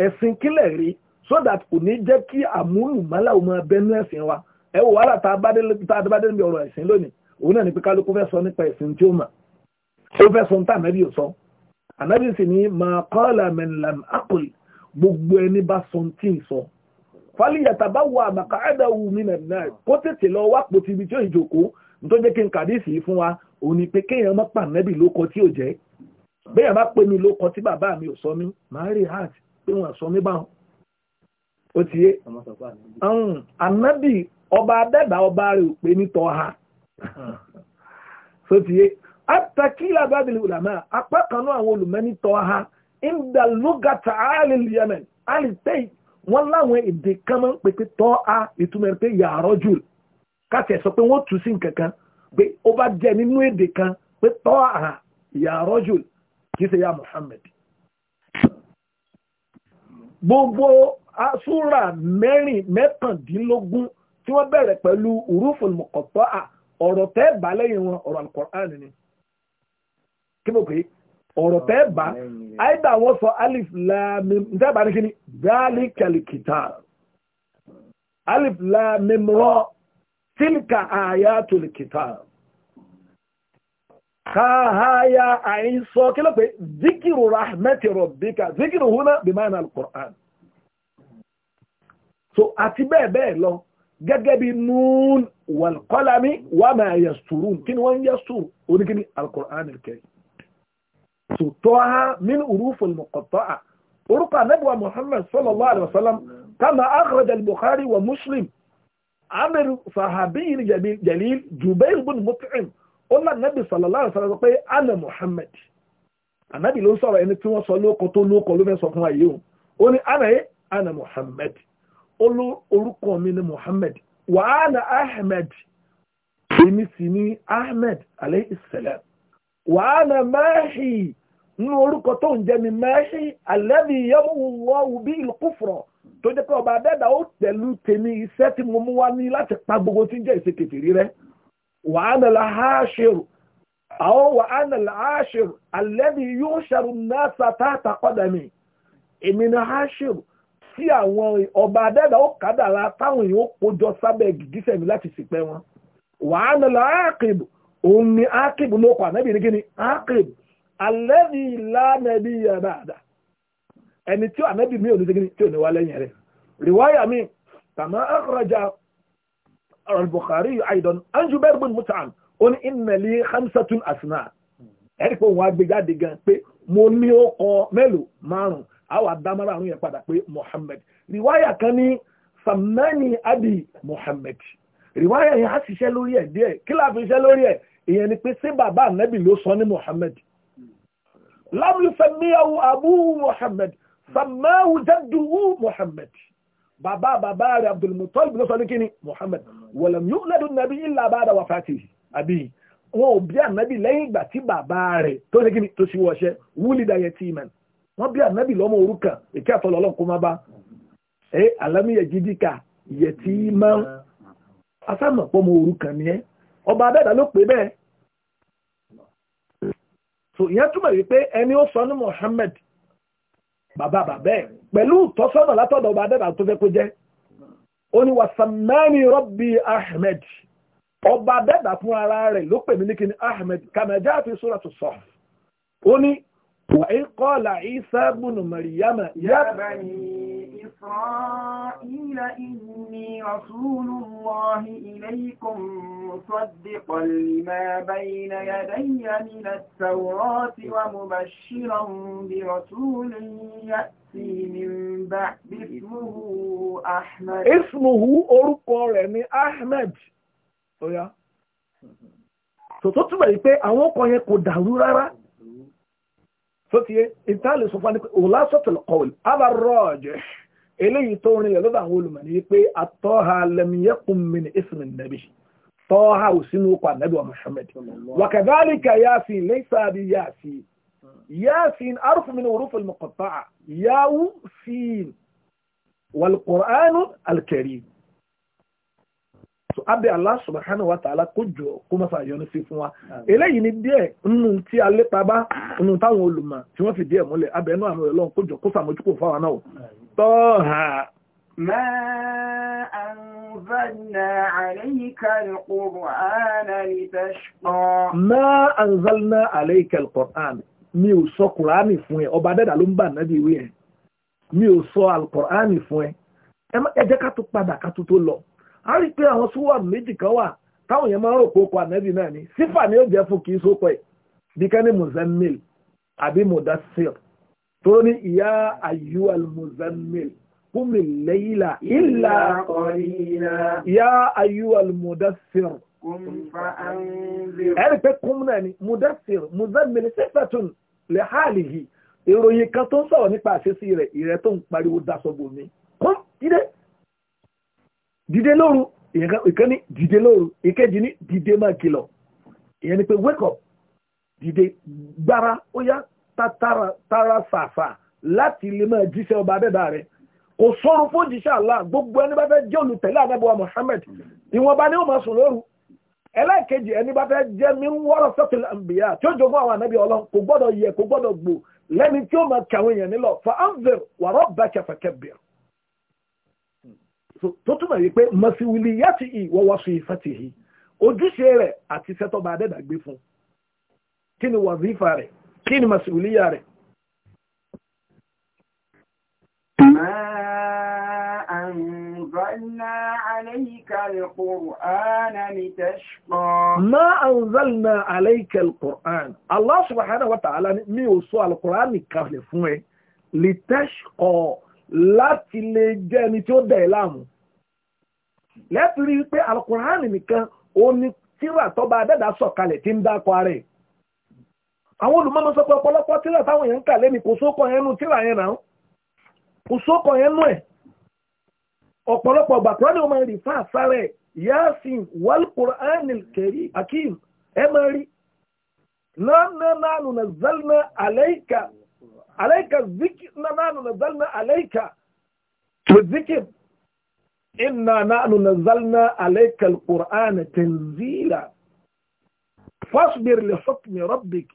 ẹ̀sìn kílẹ̀ rí so that kò ní jẹ́ kí àmúlùmálà ò máa bẹ́nu ẹ̀sìn wa ẹ wò wàhálà tá a bá dé níbi ọ̀rọ̀ ẹ̀sìn lónìí òun náà ní pé kálukú fẹ́ sọ nípa ẹ̀sìn tí ó mọ̀ ó fẹ́ sọ nípa ànábì sọ ànábì sì ní ma qala man lam aqul gbogbo ẹni bá sọ tí ì sọ fàlìyàtà bá wà màkàádà wù mí nà náà kó tètè lọ wá pò tìbí tí ó ìjòkó tó jẹ́ kí n kàdísì fún wa òun ni pé kéèyàn má pa ànábì lóko tí ò jẹ́ béèyàn bá pè mí lóko tí bàbá mi ò sọ mí màá rí heart pé wọn sọ mí báwọn. ó ti yé ànábì ọba adẹ́dà ọba rẹ̀ ò pé nítọ́ ha. atakila babili ulama apá kan náà àwọn olùmẹ́nitọ́ ha indaloga taali yemen alitei wọn láwọn èdè kan máa ń pè pé tọ́ a ìtumọ̀ rẹ̀ pé yàrá jù káṣẹ̀ sọ pé wọ́n tù sí nǹkan kan pé ó bá jẹ́ nínú èdè kan pé tọ́ a yàrá jù kì í ṣe ya Muhammad. gbogbo asúra mẹ́rin mẹ́tàndínlógún tí wọ́n bẹ̀rẹ̀ pẹ̀lú uruful muqatta'a ọ̀rọ̀ tẹ́ bá lẹ́yìn wọn ọ̀rọ̀ al ni. kí mo pè é ọ̀rọ̀ tẹ́ bá àìdá wọn sọ alif lamim ǹjẹ́ bá ní kí ni dáálíkàlì kìtà alif lamim rọ tílkà àyà tòlì kìtà káháyà àìsọ kí ló pé zikiru rahmeti rabbika zikiru huna bimaana al-Qur'an so àti bẹ́ẹ̀ bẹ́ẹ̀ lọ gẹ́gẹ́ bí nun wal qalami wa ma yasturun kí ni wọ́n yastur oníkíní al-Qur'an سطوها من أروف المقطعة أرقى نبوة محمد صلى الله عليه وسلم كما أخرج البخاري ومسلم عمر صحابي جليل جبير بن مطعم قلنا النبي صلى الله عليه وسلم أنا محمد النبي لو صار أن تنوى صلوا قتلوا قلوا من صفوا يوم قلنا أنا أنا محمد قلوا أرقى من محمد وأنا أحمد سمي سمي أحمد عليه السلام wàhánà máàhì nínú orúkọ tó ń mi máàhì alẹ́bí yẹ́mùwọ́ bí ìlúkúfọ̀rọ̀ tó jẹ́ pé ó tẹ̀lú tèmi iṣẹ́ tí mo wá ní láti pa gbogbo tí ń jẹ́ ìṣe kèfèrí rẹ àwọn àwọn ọba adẹ́dà ó kádàrá táwọn èèyàn ó kójọ sábẹ́ mi láti si wọn òun ni akib ló kọ ànábì ní kíni akib alẹ́bí lánàbí yàrá ẹni tí ànábì mi ò ní kíni tí ò ní wá lẹ́yìn rẹ̀ rìwáyà mi tàmá akhraja al-Bukhari aidan an Jubair bin Mut'im ó ní inna li khamsatun asna pé òun wá gbé gan pé mo ní ó kọ mélòó márùn àwọn adámọ́ra àrùn yẹn padà pé Muhammad rìwáyà kan ní samani abi Muhammad rìwáyà yẹn á ṣiṣẹ́ lórí ẹ̀ díẹ̀ kí láàfin ṣiṣẹ́ lórí ẹ̀ ìyẹn ni pé sí bàbá ànábì ló sọ ní Muhammad lam yusammiyahu abuhu Muhammad sammahu jadduhu Muhammad bàbá bàbá rẹ̀ Abdul Muttalib ló sọ ní kíni Muhammad walam yuladu nàbí illa ba'da wafatihi àbí wọn ò bí ànábì lẹ́yìn ìgbà tí bàbá rẹ̀ tó ṣe kíni tó ṣe wọṣẹ́ wúlídà yatiman wọ́n bí ànábì lọ́mọ òrukàn èké àtọ́lọ́ ọlọ́run kó má bá ẹ alámìyẹ gidi ká yẹtí máa ń asámọ̀ pọ́mọ òrukàn ni ẹ́ ọba abẹ́dà ló pè bẹ́ẹ̀ so ìyẹn túmọ̀ wípé ẹni ó sọ ní Muhammad bàbá bàbá ẹ̀ pẹ̀lú ìtọ́sọ́nà látọ̀dọ̀ ọba abẹ́dà tó fẹ́ kó jẹ́ ó ní wàsàmẹ́ni rọ́bì Ahmed ọba abẹ́dà fún ara rẹ̀ ló pè mí ní kíni Ahmed kàmẹ́jà fi sóràtù sọ ó ní وإذ قال عيسى بن مريم يا بني إسرائيل إني رسول الله إليكم مصدقا لما بين يدي من التوراة ومبشرا برسول يأتي من بعد اسمه أحمد اسمه أرقى أحمد tó túbọ̀ yìí pé àwọn ọkọ̀ yẹn kò dàrú rárá sótìyé ìtàlẹ̀ sọ fún ọlá sọ́tìlẹ̀ kọ́wìl alárọ́ọ̀jẹ̀ eléyìí tó rìn lọ́dọ̀ àwọn olùmọ̀ ni pé atọ́ha lẹ́mìyẹ́kùn mi ní ismin nàbí tọ́ha ò sínú ọkọ̀ ànábì wa Muhammad wàkàdálíkà yáàfin lẹ́sà bí yáàfin yáàfin arúfù mi ní orúfù mọ̀kọ̀tà yáwù fíìn wàlùkùránù alkarim so abẹ́ Allah subhanahu wa ta'ala kó jọ kó mọ́fà yọnu sí fún wa eléyìí ni díẹ̀ nínú tí a lépa bá nínú táwọn olùmọ̀ tí wọ́n fi díẹ̀ múlẹ̀ abẹ́ inú àmì ọlọ́run kó jọ kó sàmójúkò fáwọn náà tọ́ha. ma anzalna alayka al litashqa. ma anzalna alayka al mi ò sọ kùránì fún ẹ ọba dẹ́dà ló ń bà nábì ìwé mi ò sọ al-Qur'ani fún ẹ ẹ jẹ́ ká tó padà ká tó tó a rí pé àwọn súwà méjì kan wà táwọn yẹn máa ń rò pé okò ànábì náà ni sífà ni ó jẹ́ fún kì í sópọ̀ ẹ̀ bí kẹ́ni muzammil àbí mudassir tó ní ìyá ayyuhal muzammil kúmi lẹ́yìnlá ìlà ìyá ayyuhal mudassir. ẹ̀rí pé kúm náà ni mudassir muzammil sífàtún lè hàlìhì ìròyìn kan tó ń sọ̀rọ̀ nípa àṣesí rẹ̀ ìrẹ́ tó ń pariwo dasọ̀bù mi kúm jíde dìde lóru ìkan ní dìde lóru ìkejì ní dìde máa kìlọ̀ ìyẹn ni pé wake up dìde gbára ó yá tara fàfà láti lè máa jíṣẹ́ ọba abẹ́bà rẹ̀ kò sọ́run fún jíṣẹ́ àlá gbogbo ẹni bá fẹ́ jẹ́ olùtẹ̀lé àdábọ̀ Muhammad ìwọ̀nba ni ó máa sùn lóru ẹlẹ́ẹ̀kejì ẹni bá fẹ́ jẹ́ mi ń wọ́rọ̀ sọ́tò àmbìyà tí ó jogún àwọn ànábì ọlọ́run kò gbọ́dọ̀ yẹ kò gbọ́dọ̀ gbò lẹ́ni tí ó máa kàwé yẹn nílọ fa anzir wàrọ̀ bàkẹ́ fẹ́kẹ́ bẹ̀rẹ̀ tó túmọ̀ yìí pé mọ̀síwìlì yàtì ì ìfẹ́tì yìí ojúṣe rẹ̀ àti sẹ́tọ́ba adẹ́dà fún kí ni wàzífà rẹ̀ kí ni mọ̀síwìlì yà rẹ̀. أنزلنا عليك القرآن لتشقى ما أنزلنا عليك القرآن الله سبحانه وتعالى mi ò sọ القرآن kalẹ̀ fún ẹ لتشقى láti lè jẹ́ ẹni tí ó dẹ̀ láàmú lẹ́ẹ̀tì rí pé alukur'an nìkan ó ní tíra tọ́ba adẹ́dà sọ̀kalẹ̀ tí ń dákọ̀ rẹ̀ àwọn olùmọ́mọ́ sọ pé ọ̀pọ̀lọpọ̀ tíra táwọn yẹn ń kà lẹ́nu kò sókò yẹn nù tíra yẹn náà kò sókò yẹn nù ẹ̀ ọ̀pọ̀lọpọ̀ gbàkúrọ́ ni wọ́n máa rí fáà sáré yasin walkur'an kẹrí akim ẹ máa rí nánà na na inna nahnu nazzalna alayka alqur'ana tanzila fasbir li hukmi rabbik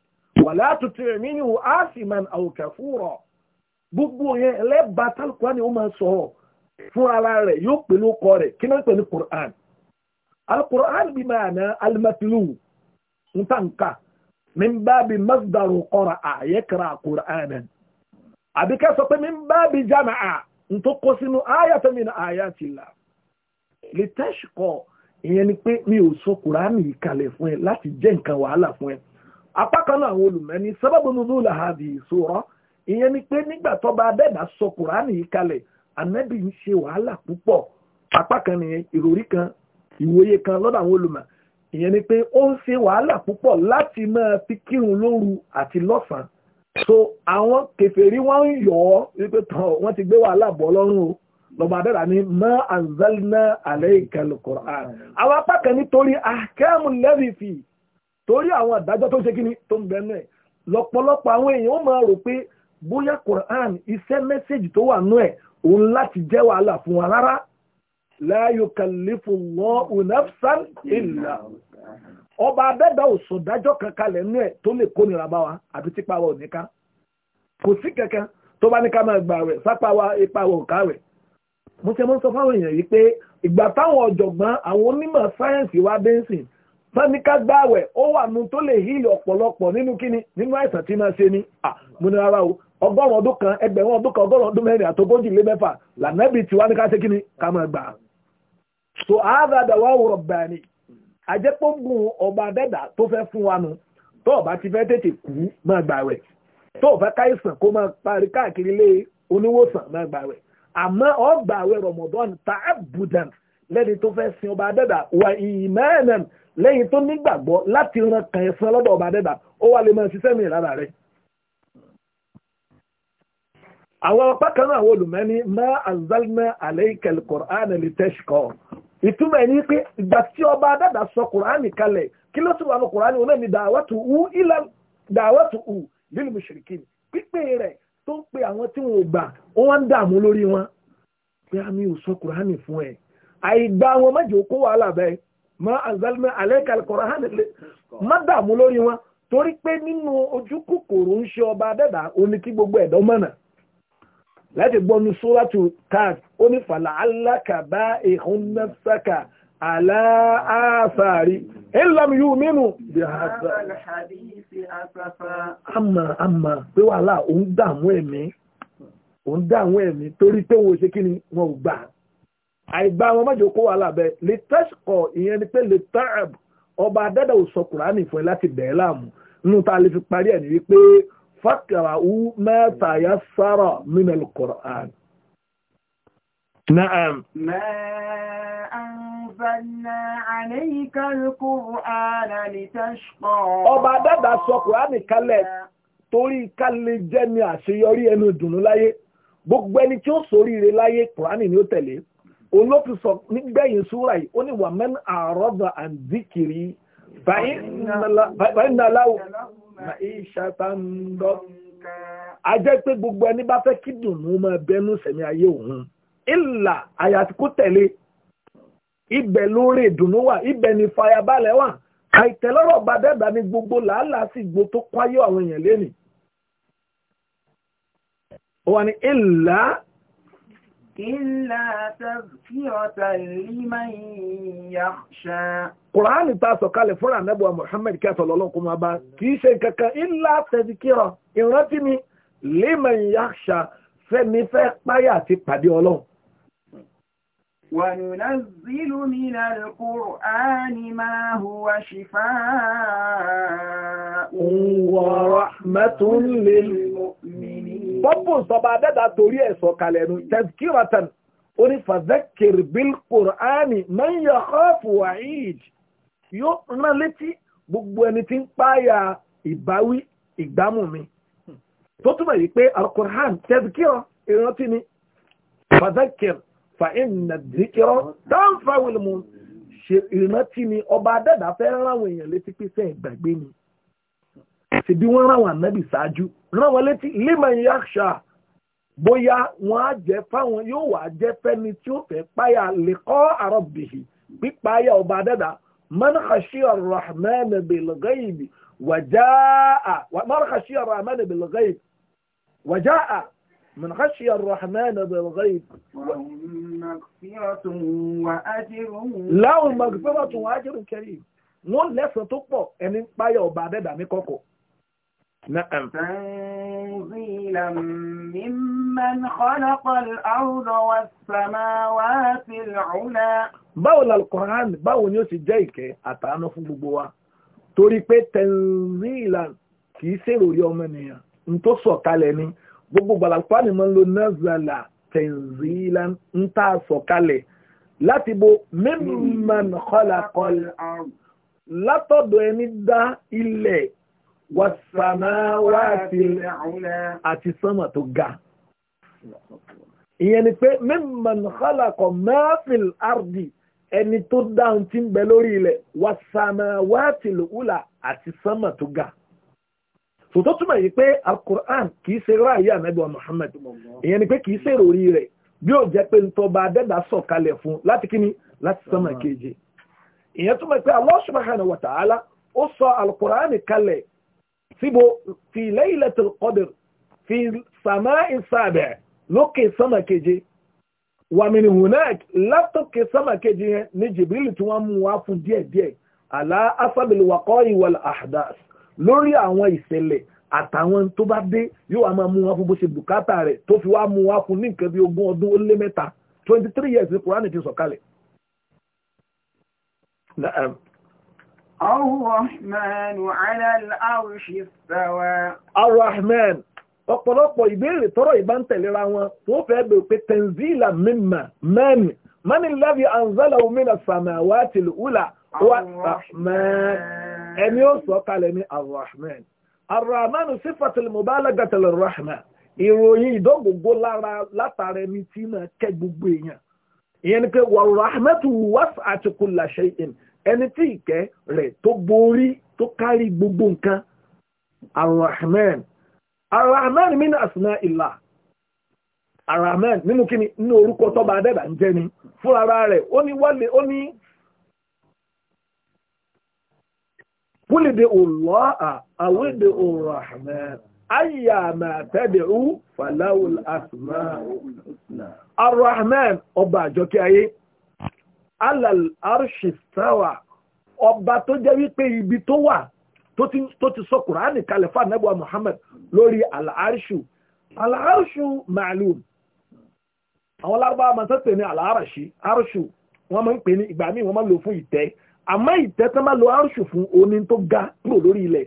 wa la tuti' minhu asiman aw kafura gbogbo yẹn lẹ́bàá tálùkọ́ ni ó máa sọ fún ara rẹ̀ yóò pè lóko rẹ̀ kí náà pè ní qur'an alqur'an bí máa na almatlu ntanka min bábi masdaru qara'a yaqra qur'anan àbíkẹ́ sọ pé min bábi jama'a tó kó sínú ayatollah ní ayatollah lè tẹ́ṣùkọ̀ ìyẹn ni pé mi ò sọ kùránì ìkàlẹ̀ fún ẹ láti jẹ́ nǹkan wàhálà fún ẹ apá kan náà àwọn olùmẹ́ni sábàbù nuzul hadhi sura ìyẹn ni pé nígbà tó bá adẹ́dà sọ kùránì ìkàlẹ̀ ànábì ń ṣe wàhálà púpọ̀ apá kan nìyẹn ìròrí kan ìwòye kan lọ́dọ̀ àwọn olùmọ̀ ìyẹn ni pé ó ń ṣe wàhálà púpọ̀ láti máa fi kírun lóru àti lọ́sàn-án so àwọn kèfèrí wọ́n ń yọ̀ ọ́ wípé tán wọ́n ti gbé wàhálà bọ̀ lọ́rùn o lọ́ba adára ni ma anzalna alaykal Qur'an àwọn apá kan nítorí ahkamu lẹ́rì fi torí àwọn àdájọ́ tó ṣe kíni tó ń bẹnu ẹ̀ lọ́pọ̀lọpọ̀ àwọn èèyàn ó máa rò pé bóyá Qur'an iṣẹ́ mẹ́sẹ̀jì tó wà nú ẹ̀ òun láti jẹ́ wàhálà fún wa rárá la yukallifu Allahu nafsan illa ọba abẹ́dá òsùn dájọ́ kankan lẹ́nu ẹ̀ tó lè kónira bá wa àbí tí pàwọ́ kò sí tó bá ní ká máa gbà rẹ̀ sápá wa ipa wọ̀ ká rẹ̀ mo ṣe mọ́ sọ fáwọn èèyàn yìí pé ìgbà táwọn àwọn onímọ̀ sáyẹ́ǹsì wa dé ń sìn ó wà tó lè ọ̀pọ̀lọpọ̀ nínú kíni nínú àìsàn tí ni mo ní ara o kan ẹgbẹ̀rún ọdún kan ọgọ́rùn ọdún mẹ́rin lé mẹ́fà ní ká ṣe kíni ká máa so àádọ́ ajẹ́pọ̀gùn ọba dẹ́dà tó fẹ́ fún wa nu tó ọba ti fẹ́ tètè kú máa gbà wẹ̀ tó ọba káìsàn kó máa parí káàkiri lé oníwòsàn máa gbà wẹ̀ àmọ́ ọgbà wẹ̀ rọmọdọ́n tààbùdàn lẹ́ni tó fẹ́ sin ọba dẹ́dà wà ìmẹ́ẹ̀nẹ̀m lẹ́yìn tó nígbàgbọ́ láti ran kàn lọ́dọ̀ ọba dẹ́dà ó wà lè máa ṣiṣẹ́ mi lára rẹ̀. àwọn apá kan náà àwọn olùmẹ́ni má azalna alayka al-Qur'ana litashqa ìtumọ̀ ẹ̀ pé ìgbà tí ọba adada sọ kùránì kalẹ̀ kí ló sì wà ní kùránì òun náà ni dàwátù ú ilẹ̀ dàwátù ú lílu pípé rẹ̀ tó ń pe àwọn tí wọn ò gbà wọn ń dààmú lórí wọn pé àmì ò sọ kùránì fún ẹ àìgbà wọn kó wàhálà má dààmú lórí wọn torí pé nínú ojú kòkòrò ń ọba adada gbogbo láti gbọ́nu sóràtù kan ó ní fàlà alákàbá ìhúnnásákà aláàfààrí ìlàmì yóò mínú bí a sá àmà àmà pé wàhálà òun dààmú ẹ̀mí òun dààmú ẹ̀mí torí pé wọ́n ṣe kí ni wọ́n ò gbà àìgbà wọn mọ́jọ kó wàhálà bẹ lè tẹ́sìkọ̀ ìyẹn ni pé lè tẹ́ẹ̀bù ọba adẹ́dàá ò sọ kùránì fún ẹ láti bẹ̀ẹ́ láàmú nínú ta lè fi parí ẹ̀ ní wípé فاقرأوا ما تيسر من القرآن نعم ما أنزلنا عليك القرآن لتشقى ọba dada sọ kùránì kalẹ̀ torí kalẹ̀ jẹ́ ni àṣeyọrí ẹnu ìdùnnú láyé gbogbo ẹni tí ó ṣoríire láyé kùránì ni ó tẹ̀lé olóòtú sọ nígbẹ̀yìn súra yìí ó ní wàmẹ́n àrọ́dà àǹdíkìrì fàyínà láwù ìṣàtà ń dọ́ a jẹ́ pé gbogbo ẹni bá fẹ́ kí dùnú máa bẹnu sẹ̀mí ayé òun ìlà àyàtí kó tẹ̀lé ibẹ̀ lórí ìdùnnú wà ibẹ̀ ni fàyàbalẹ̀ wà àìtẹ́lọ́rọ̀ bá dẹ́gbà ní gbogbo làálàá sí ìgbó tó kwáyé àwọn èèyàn lénìí. ní ìlà إلا تذكرة لمن يخشى Kùránì ta sọ̀kalẹ̀ fúnra nẹ́bùwa Mùhammad kẹta lọ́lọ́kùn máa bá kìí ṣe kankan ilá tẹ̀dìkírọ̀ ìrántí ni liman yakhsha fẹ́mi fẹ́ páyà ti pàdé ọlọ́run. وَنُنَزِّلُ مِنَ الْقُرْآنِ مَا هُوَ شِفَاءٌ وَرَحْمَةٌ لِلْمُؤْمِنِينَ even sọba dẹ́dà torí ẹ̀ sọ̀kalẹ̀ nu tazkiratan ó ní fazakir bil qur'ani man yakhafu wa'id yóò rán létí gbogbo ẹni tí ń páyà ìbáwí ìgbámú mi tó túmọ̀ yìí pé al-Qur'an tazkira ìrántí ni fazakir fa inna dhikra tanfa'ul mu'minin ìrántí ni ọba dẹ́dà fẹ́ rán èèyàn létí pé sẹ́yìn gbàgbé ni ṣèbí wọ́n rán àwọn ànábì ṣáájú rán wọn létí liman yaksha bóyá wọ́n á jẹ́ fáwọn yóò wá jẹ́ fẹ́ni tí ó fẹ́ páyà lè kọ́ àrọ̀bìhì pípáyà ọba dẹ́dà man khashiya ar-rahman bil ghaib wa jaa man khashiya ar-rahman bil ghaib wa jaa من خشي الرحمن بالغيب مغفرة وأجر لهم مغفرة وأجر كريم wọ́n lẹ́sàn tó pọ̀ ẹni páyà ọba adẹ́dà ní kọ́kọ́ نعم تنزيلا ممن خلق الأرض والسماوات العلى báwo la Al-Qur'an báwo ni ó ti jẹ́ ìkẹ́ àtàánú fún gbogbo wa torí pé tanzilan kì í ṣèrò orí ọmọnìyàn n tó sọ̀kalẹ̀ ni gbogbo gbala Al-Qur'an máa ń lo nazala tanzilan ń tà sọ̀kalẹ̀ láti bo mimman khalaqal ard látọ̀dọ̀ ẹni dá ilẹ̀ àti sánmà tó ga. Ìyẹn ni pé mimman khalaqa ma fil ardi ẹni tó dáhùn tí ń bẹ lórí ilẹ̀ was-samawatil ula àti sánmà tó ga. Sòtó túmọ̀ yìí pé Al-Qur'an kìí ṣe ráàyè Ànábì Muhammad. Ìyẹn ni pé kìí ṣe ròrí rẹ̀ bí ó jẹ́ pé ń tọba adẹ́dà sọ̀kalẹ̀ fún láti kíní láti sánmà keje. Ìyẹn túmọ̀ pé Allah subhanahu wa ta'ala ó sọ Al-Qur'an kalẹ̀ سيبو في ليلة القدر في sàmáì السابع لقي sánmà جي ومن هناك látòkè sánmà keje yẹn ní Jibril tí wọ́n mú wá fún díẹ̀díẹ̀ àlá asábìlì waqa'i wal ahdas lórí àwọn ìṣẹ̀lẹ̀ àtàwọn tó bá dé yóò wá máa mú wá fún bó ṣe bùkátà rẹ̀ tó fi wá mú wá fún ní nǹkan bí ogún ọdún ó lé mẹ́ta twenty three years ní Kùránì ti Ar-Rahman 'ala al-'arshi istawa. Ar-Rahman ọ̀pọ̀lọpọ̀ ìbéèrè tọ́rọ̀ ìbá ń tẹ̀lera wọn tó fẹ́ bèèrè pé tẹ̀nzílà mímà mẹ́ni mani lẹ́bi anzala omina samawati lula wa rahman ẹni ó sọ kalẹ̀ ní arrahman arrahman sífàtìlì mubalagatil rahman ẹni tí ìkẹ́ rẹ̀ tó borí tó gbogbo nǹkan arahman arahman min asna illah arahman nínú kíni nínú orúkọ tọ́ba adẹ́dà ń jẹ́ ni fún ara rẹ̀ ó ní wálé ó ní kúlìdè òlọ́à àwédè òrahman ayà màtẹ́dẹ̀ fàlàwùl asma arahman ọba àjọkí ayé alal arshistawa ọba tó jẹ́ wípé ibi tó wà tó ti sọ kùránì kalẹ̀ fún anábọ̀ muhammad lórí al'arshu al'arshu ma'lum àwọn lárúbáwá máa tẹ́tẹ̀ ní al'arshi arshu wọ́n máa ń pè ní ìgbà míì wọ́n máa lò fún ìtẹ́ àmọ́ ìtẹ́ tó máa lo arshu fún oní tó ga kúrò lórí ilẹ̀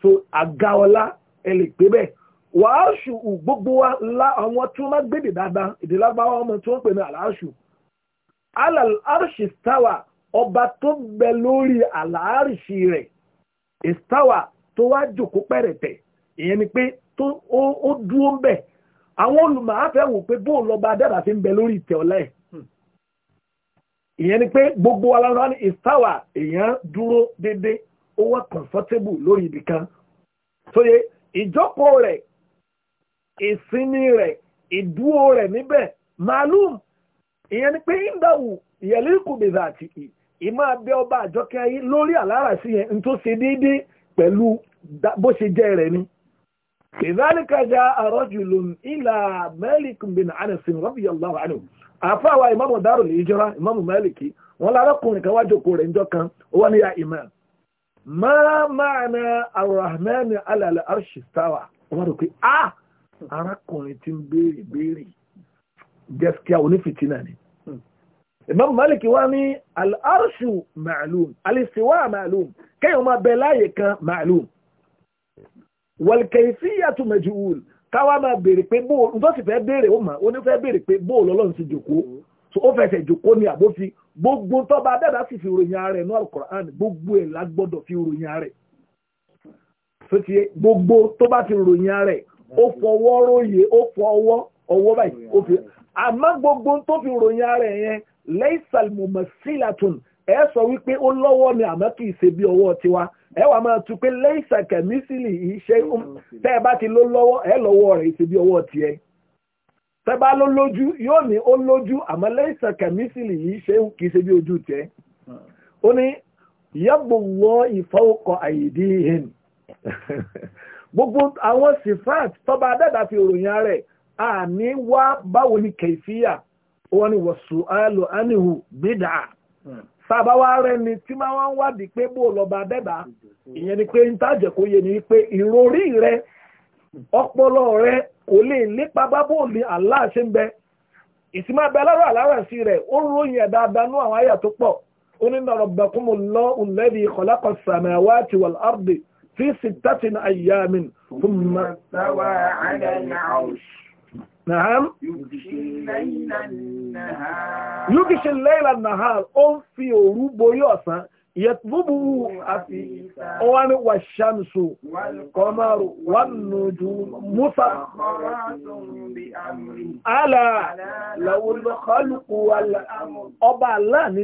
so àga ọlá ẹ lè pé bẹ́ẹ̀ wàásù gbogbo wa la àwọn tí wọ́n máa gbèdè dáadáa ìdílábáwá ọmọ tí wọ́n pè ní al'arshu alal arshi stawa ọba tó bẹ lórí àlàárìṣì rẹ̀ ìstawa tó wá jòkó pẹ̀rẹ̀tẹ̀ ìyẹn ni pé tó ó dúró ń bẹ̀ àwọn olùmọ̀ọ́fẹ́ wò pé bóun lọ́ba adára fi ń bẹ lórí ìtẹ́ ọ̀la ẹ̀ hmm. ìyẹn ni pé gbogbo alára ní ìstawa èèyàn dúró déédéé ó wà comfortable lórí ibì kan tóye ìjókòó rẹ̀ ìsinmi rẹ̀ ìdúró rẹ̀ níbẹ̀ màálùm ìyẹn ni pé ìdáwù ìyẹlẹ́kù bèbè àti ìmọ̀ abẹ́ ọba àjọkẹ́ ayé lórí àlárà sí yẹn tó ṣe déédéé pẹ̀lú bó ṣe jẹ́ rẹ̀ ni. ja já àrọ́jùlù ìlà Malik bin Anas radiyallahu anhu àfáwà ìmáàmù dárò lè jọra ìmáàmù Maliki wọn lárakùnrin kan wájú òkú rẹ̀ ńjọ kan ó wá níyà ah, ìmọ̀ Imam Malik wá ní al'arṣu ma'lum, al'istiwa ma'lum, kéèyàn máa bẹ láàyè kan ma'lum. Wal-kayfiyyatu majhul, káwá máa béèrè pé bóòlù, tó sì fẹ́ béèrè ó mà, ó ní fẹ́ béèrè pé bóòlù ọlọ́run ti jòkó. So ó fẹsẹ̀ jòkó ni àbófi, gbogbo tó bá dàda sì fi ròyìn ara ẹ̀ ní Al-Qur'an, gbogbo ẹ̀ lágbọ́dọ̀ fi ròyìn ara ẹ̀. So ti gbogbo tó bá ti ròyìn ara ẹ̀, ó fọwọ́ róye, ó fọ ọwọ́, báyìí, ó fi. Àmọ́ gbogbo tó fi ròyìn ara ẹ̀ yẹn, laysal mumassilatun ẹ sọ wípé ó lọ́wọ́ ni àmọ́ kì í ṣe bí ọwọ́ tiwa ẹ wà máa tu pé laysa kẹ̀mísìlì yìí ṣe tẹ́ ẹ bá ti ló lọ́wọ́ ẹ lọ́wọ́ rẹ̀ ṣe bí ọwọ́ tiẹ̀ tẹ́ bá ló lójú yóò ní ó lójú àmọ́ laysa kẹ̀mísìlì kì í ṣe bí ojú tiẹ̀ ó ní yẹ́bù wọ́ ìfọwọ́kọ àyèdí hìn gbogbo àwọn sifat tọ́ba adẹ́dàfi òròyìn rẹ̀ àní wá báwo ni kẹ̀fíyà ó wọ́n ní wọ̀sù ayálò ánìhù bídà sábà hmm. wá rẹ ni tí máa wá ń wádìí pé bó lọ́ba bẹ́bà ìyẹn ni pé ń tàjẹ̀ kó yé ni pé ìròrí rẹ ọpọlọ rẹ kò lè lépa bábò ní aláàṣẹ ń bẹ ìsìnmá bẹ alára alára sí rẹ ó ròyìn ẹ̀ dáadáa ní àwọn àyà tó pọ̀ ó ní nà rabbakumu Allahu alladhi khalaqa as-samawati wal-ardi Nàám. Yúkìṣì lẹ́yìnlá nàhàr, ó ń fi òru borí ọ̀sán, yẹ̀tùbùbù àti ọwá ní wàṣàmṣù, kọmọrù, wànùjú, múta. Àlà lọ́wọ́lọ́kọ́lùkù ọba àlá ní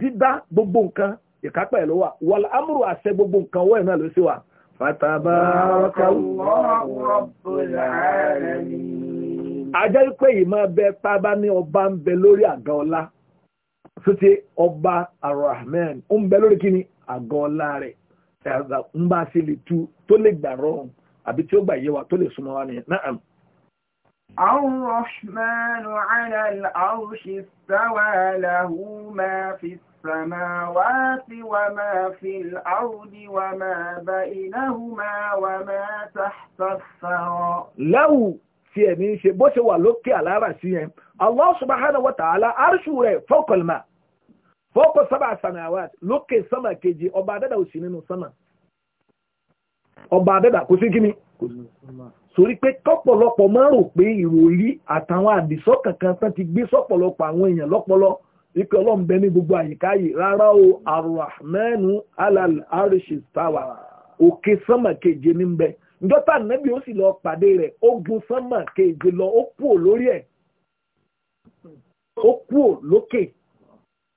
dídá gbogbo nǹkan, ìkápẹ̀ ló wà, wàlámùrù àṣẹ gbogbo nǹkan wọ́ẹ̀ náà ló sí wà. Fatabaraka Allahu Rabbul Alamin ajá pé ìmọ̀ abẹ tábà ní ọba ń bẹ lórí àga ọlá sóti ọba arahman ó ń bẹ lórí kíni àga ọlá rẹ̀ ń bá ṣe lè tu tó lè gbà rọrùn àbí tí ó gbà yé wa tó lè súnmọ́ wa nìyẹn náà. الرحمن على العرش استوى له ما في السماوات وما في الأرض وما بينهما وما تحت الثرى لو tí ẹ̀mí ń ṣe bó ṣe wà lókè àlárà sí yẹn Allah wa ta'ala arṣu rẹ̀ fọ́kànlá fọ́kàn sábà lókè sánmà kejì ọba adẹ́dà ò sí ọba adẹ́dà kò sí kíni torí pé kọ́pọ̀lọpọ̀ máa rò pé kankan tán ti gbé sọpọlọpọ àwọn èèyàn lọpọlọ gbogbo àyíká yìí rárá o alal òkè sánmà keje ní njọta nẹ́bí ó sì lọ pàdé rẹ̀ o gun sánmà keje lọ ó kúò lórí ẹ̀ ó kúò lókè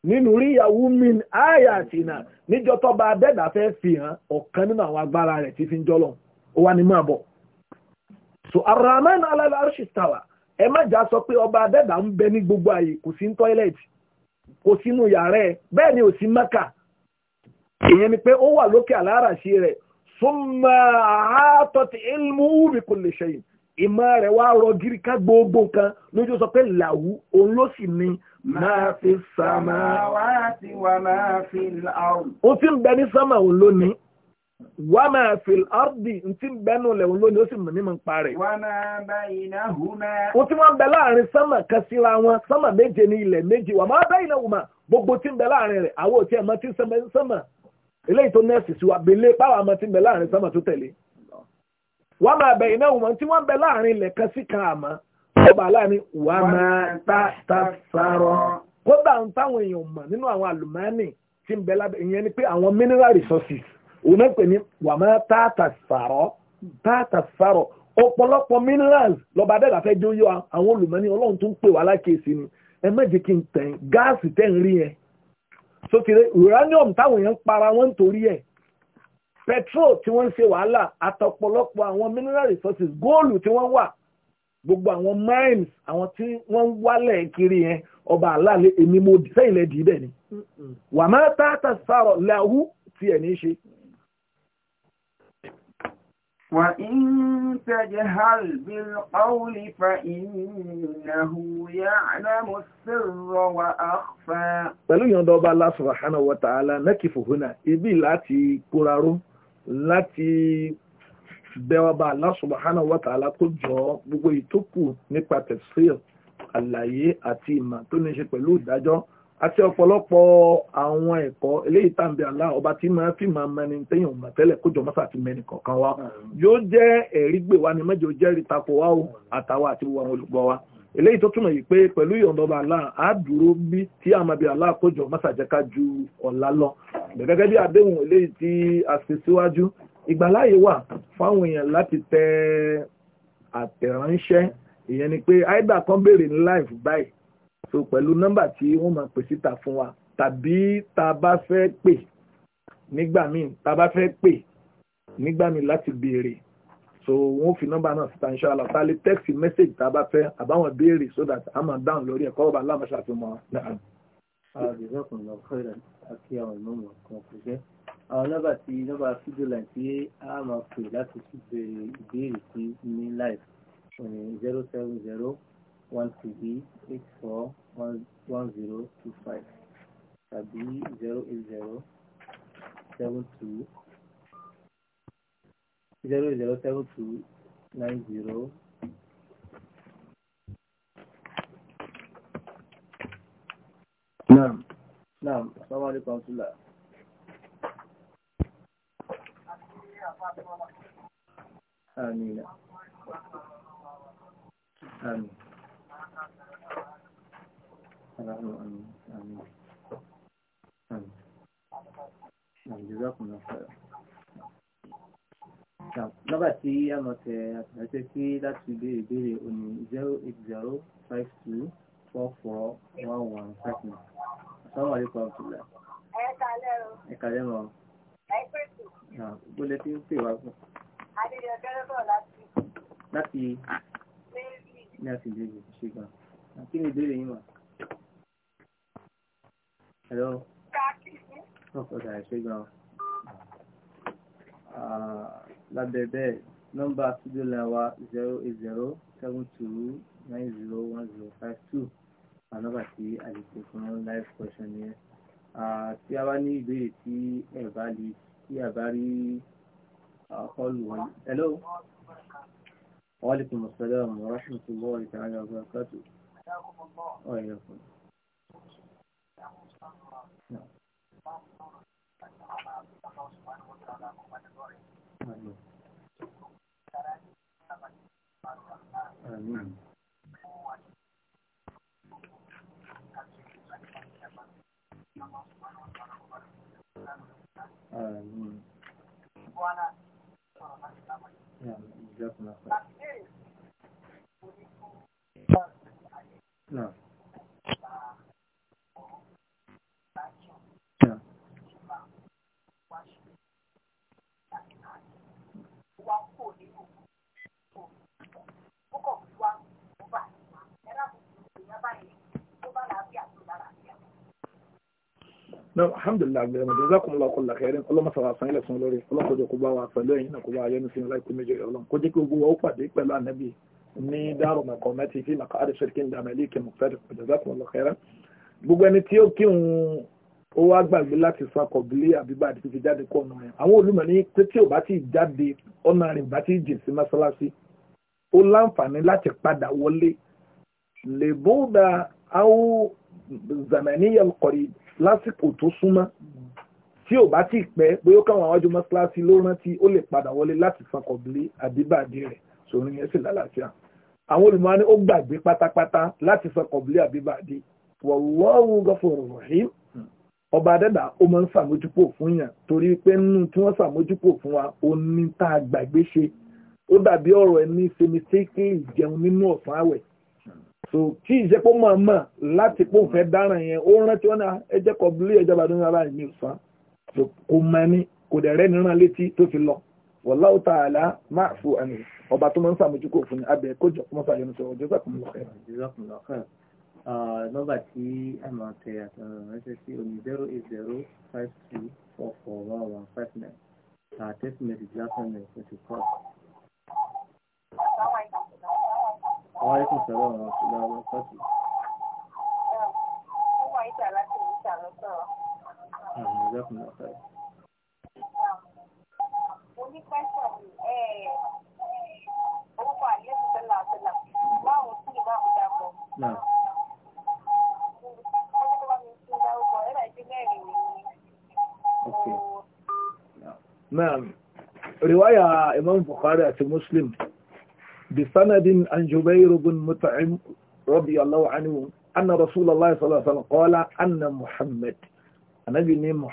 nínú ríyàwó min àyà àtìnà níjọ́ tó abẹ́dà fẹ́ fi hàn ọ̀kan nínú àwọn agbára rẹ̀ tí fi ń jọlọ ó wá ní máa bọ̀. so ẹ má jà sọ pé ọba abẹ́dà ń bẹ ní gbogbo kò sí ní tọ́ílẹ̀tì kò sínú ni ò sí mẹ́kà ìyẹn ni pé ó wà súnmọ́ àátọ́ ti ilmú bí kò lè ṣẹyìn ìmọ̀ rẹ̀ wá rọ gírí ká gbogbo nǹkan lójú sọ pé làwú òun ló sì ní máa fi sàmà ó ti ń bẹ ní sàmà òun ló ní wà máa fi ọ́rdì tí ń bẹnu lẹ̀wọ̀n lónìí ó sì mọ̀ ní mọ̀ ń parẹ̀. wà máa bá iná hùmá. wọ́n ti máa ń bẹ láàrin sánmà kan síra wọn sánmà méje ní ilẹ̀ méje wà máa bá iná hùmá gbogbo tí ń bẹ láàrin rẹ̀ àwọn òtí ẹ̀ máa ti sánmà eléyìí tó nẹ́ẹ̀sì sí wa belé báwa ọmọ ti ń bẹ láàrin sánmà tó tẹ̀lé wọ́n máa bẹ̀ iná wọn tí wọ́n bẹ láàrin ilẹ̀ kan sí kan àmọ́ ọba láàrin wà máa ta ta sáró kódà ń táwọn èèyàn mọ̀ nínú àwọn àlùmọ́ọ́nì tí ń bẹ lábẹ́ ìyẹn ni pé àwọn mineral resources òun náà pè ní wà máa ta ta sáró ta ta sáró ọ̀pọ̀lọpọ̀ minerals lọ́ba dẹ́gbà fẹ́ jó yọ àwọn olùmọ́ọ́nì ọlọ́run tó ń pè wá lákèésí ni ẹ má jẹ́ kí n tẹ̀ gáàsì tẹ̀ ń rí yẹn sókèrè uranium táwọn èèyàn ń para wọn nítorí ẹ̀ petrol tí wọ́n ń ṣe wàhálà àtọ̀pọ̀lọpọ̀ àwọn mineral resources góòlù tí wọ́n wà gbogbo àwọn mines àwọn tí wọ́n ń wálẹ̀ kiri yẹn ọba àlàálẹ̀ èmi mo sẹ́yìn lẹ́ẹ̀dì bẹ́ẹ̀ ni wàmẹ́ta tẹ̀sán rọ̀ làwù tiẹ̀ ní í ṣe وإن تَجْهَلْ بِالْقَوْلِ فَإِنَّهُ يَعْلَمُ السِّرَّ وأخفى pẹ̀lú yọ̀ndọ̀ ọba Allah subhanahu wa ta'ala nakifu huna ibi láti kóraró láti bẹ́wọ́ba Allah subhanahu wa ta'ala kó jọ gbogbo ìtókù nípa tafsir àlàyé àti ìmọ̀ tó ní ṣe pẹ̀lú ìdájọ́ àti ọ̀pọ̀lọpọ̀ àwọn ẹ̀kọ́ eléyìí tàbí àlá ọba tí máa fi máa mẹni téèyàn mọ̀ tẹ́lẹ̀ kójọ mọ́sà ti mẹni kọ̀ọ̀kan wa yóò jẹ́ ẹ̀rí gbè wá ni mẹ́jọ jẹ́ rí tako wa o àtàwa àti gbogbo àwọn olùgbọ́ wa eléyìí tó túmọ̀ yìí pé pẹ̀lú ìyọ̀ndọ̀ba àlá á dúró bí tí àmàbí àlá kójọ mọ́sà jẹ́ ká ju ọ̀la lọ gẹ́gẹ́ bí àdéhùn eléyìí tí a ṣe síwájú ìgbàláyè wà fáwọn èèyàn láti tẹ àtẹ̀ránṣẹ́ ìyẹn ni pé áìdà kan béèrè ní láìfù báyìí so pẹ̀lú nọ́mbà tí wọ́n máa pè síta fún wa tàbí tá a bá fẹ́ pè nígbà míì tá a bá fẹ́ pè nígbà míì láti béèrè so wọ́n fi nọ́mbà náà síta inshallah tá a lè text message tá a bá fẹ́ àbáwọn béèrè so that a máa dáhùn lórí ẹ̀kọ́ ọba aláàmọ́ṣà tó mọ́ ọ́n. àwọn nọ́mbà tí nọ́mbà fídíò line tí a máa pè láti fi ìbéèrè sí ní live eh, zero seven zero one three eight four one one zero two five tàbí zero eight zero seven two zero zero seven two nine zero. Naam. Naam. Assalamu alaikum warahmatullah. Amina. Amin nọ́bà tí a mọ̀ tẹ̀ àtẹ̀tẹ̀ sí láti béèrè béèrè òní zero eight zero five two four four one one five nine. Assalamu alaikum Abdullah. Ẹ kálẹ́ o. Ẹ kálẹ́ mọ́. Ẹ pèsè. Bólẹ̀ tí ń pè wá fún. Adéyọ̀ Gẹ́rẹ́bọ̀ láti. Láti ní àti ìbéèrè ṣe gan kí ni ìbéèrè yín wà. ẹ̀rọ ọkọ̀ ọ̀dà ẹ̀ṣẹ́ gan lábẹ́ bẹ́ẹ̀ nọ́mbà studio line wa zero eight zero seven two nine zero one zero five two ànọ́bà tí a lè pè fún live question yẹn tí a bá ní ìbéèrè tí ẹ̀ bá lè tí a bá rí kọ́ọ̀lù wọn. hello. وعليكم السلام ورحمة الله تعالى وبركاته وعليكم آمين آمين آمين No. Yeah. Yeah. náà alhamdulilayi abdulayi mọ̀tò jazakumullahu kulla khairin ọlọ́mọ sọ̀rọ̀ àṣà ilẹ̀ fún olórí ọlọ́kọ̀jọ kó bá wa pẹ̀lú ẹ̀yìn náà kó bá ayọ́nu sínú láìpẹ́ méjì ọlọ́run kó jẹ́ kí ogun wa ó pàdé pẹ̀lú ànábì ní dárò mẹ́kọ́ mẹ́tì fi màkà àdìsẹ́kì ndàmẹ́lì kí mọ̀fẹ́rẹ́ jazakumullahu khairin gbogbo ẹni tí ó kí òun ó wá gbàgbé láti sọ akọ̀bílé àbíbá àti fífi jáde kó ọ̀nà rẹ̀ àwọn olùmọ̀ ní pé tí ò bá ti jáde ọ̀nà rẹ̀ bá ti jìn sí mọ́ṣáláṣí ó láǹfààní láti padà wọlé lè bóda áwò zamaniya al-qarib lásìkò tó súnmọ́ tí ò bá ti pẹ́ bóyá ó káwọn àwọn ọjọ́ mọ́sálásí ló rántí ó lè padà wọlé láti fakọ̀bílé àdébàdé rẹ̀ sòrin yẹn sì lálàáfíà àwọn olùmọ̀ ni ó gbàgbé pátápátá láti fakọ̀bílé àdébàdé wallahu ghafurur rahim ọba adẹ́dà ó máa ń sàmójúpò fún yàn torí pé nínú tí wọ́n sàmójúpò fún wa ó ní tá a gbàgbé ṣe ó dàbí ọ̀rọ̀ ẹni ṣe mistake ìjẹun nínú ọ̀sán àwẹ̀ so tí ìjẹ́pọ̀ mọ̀ mọ̀ láti pò fẹ́ dáràn yẹn ó rántí wọn náà ah, ẹjẹ́ kọ bílé ẹjọ́ bàdún ní abáyé mi sàn so kò mọ̀ ní kò dẹ̀ rẹ́ níran létí tó fi lọ wallahu ta'ala máa fò àmì ọba tó máa ń sàmójú kò fún abẹ kójọ kó máa fà yẹnu sọ̀rọ̀ jésù àkùnrin lọ́kẹ́. nọ́mbà tí a máa tẹ àtẹ̀ránṣẹ́ sí omi zero eight zero five two four four one one five nine àtẹ́sí mẹ́sìlá fún mi twenty Àwọn ikú sọ̀rọ̀ àwọn ọ̀ṣọ́lá wọn sọ́ọ̀tì. Ó wà ìjà láti ìjà lọ́sọ̀rọ̀. Àwọn ìjọkùn náà sọ̀rọ̀. Mo ní pẹ́sọ̀ orúkọ àlejò sẹ́là àtẹ̀là márùn-ún sí ìmáàmù dàpọ̀. Mo Imam Bukhari àti Muslim. بسند عن جبير بن مطعم رضي الله عنه أن رسول الله صلى الله عليه وسلم قال أن محمد النبي محمد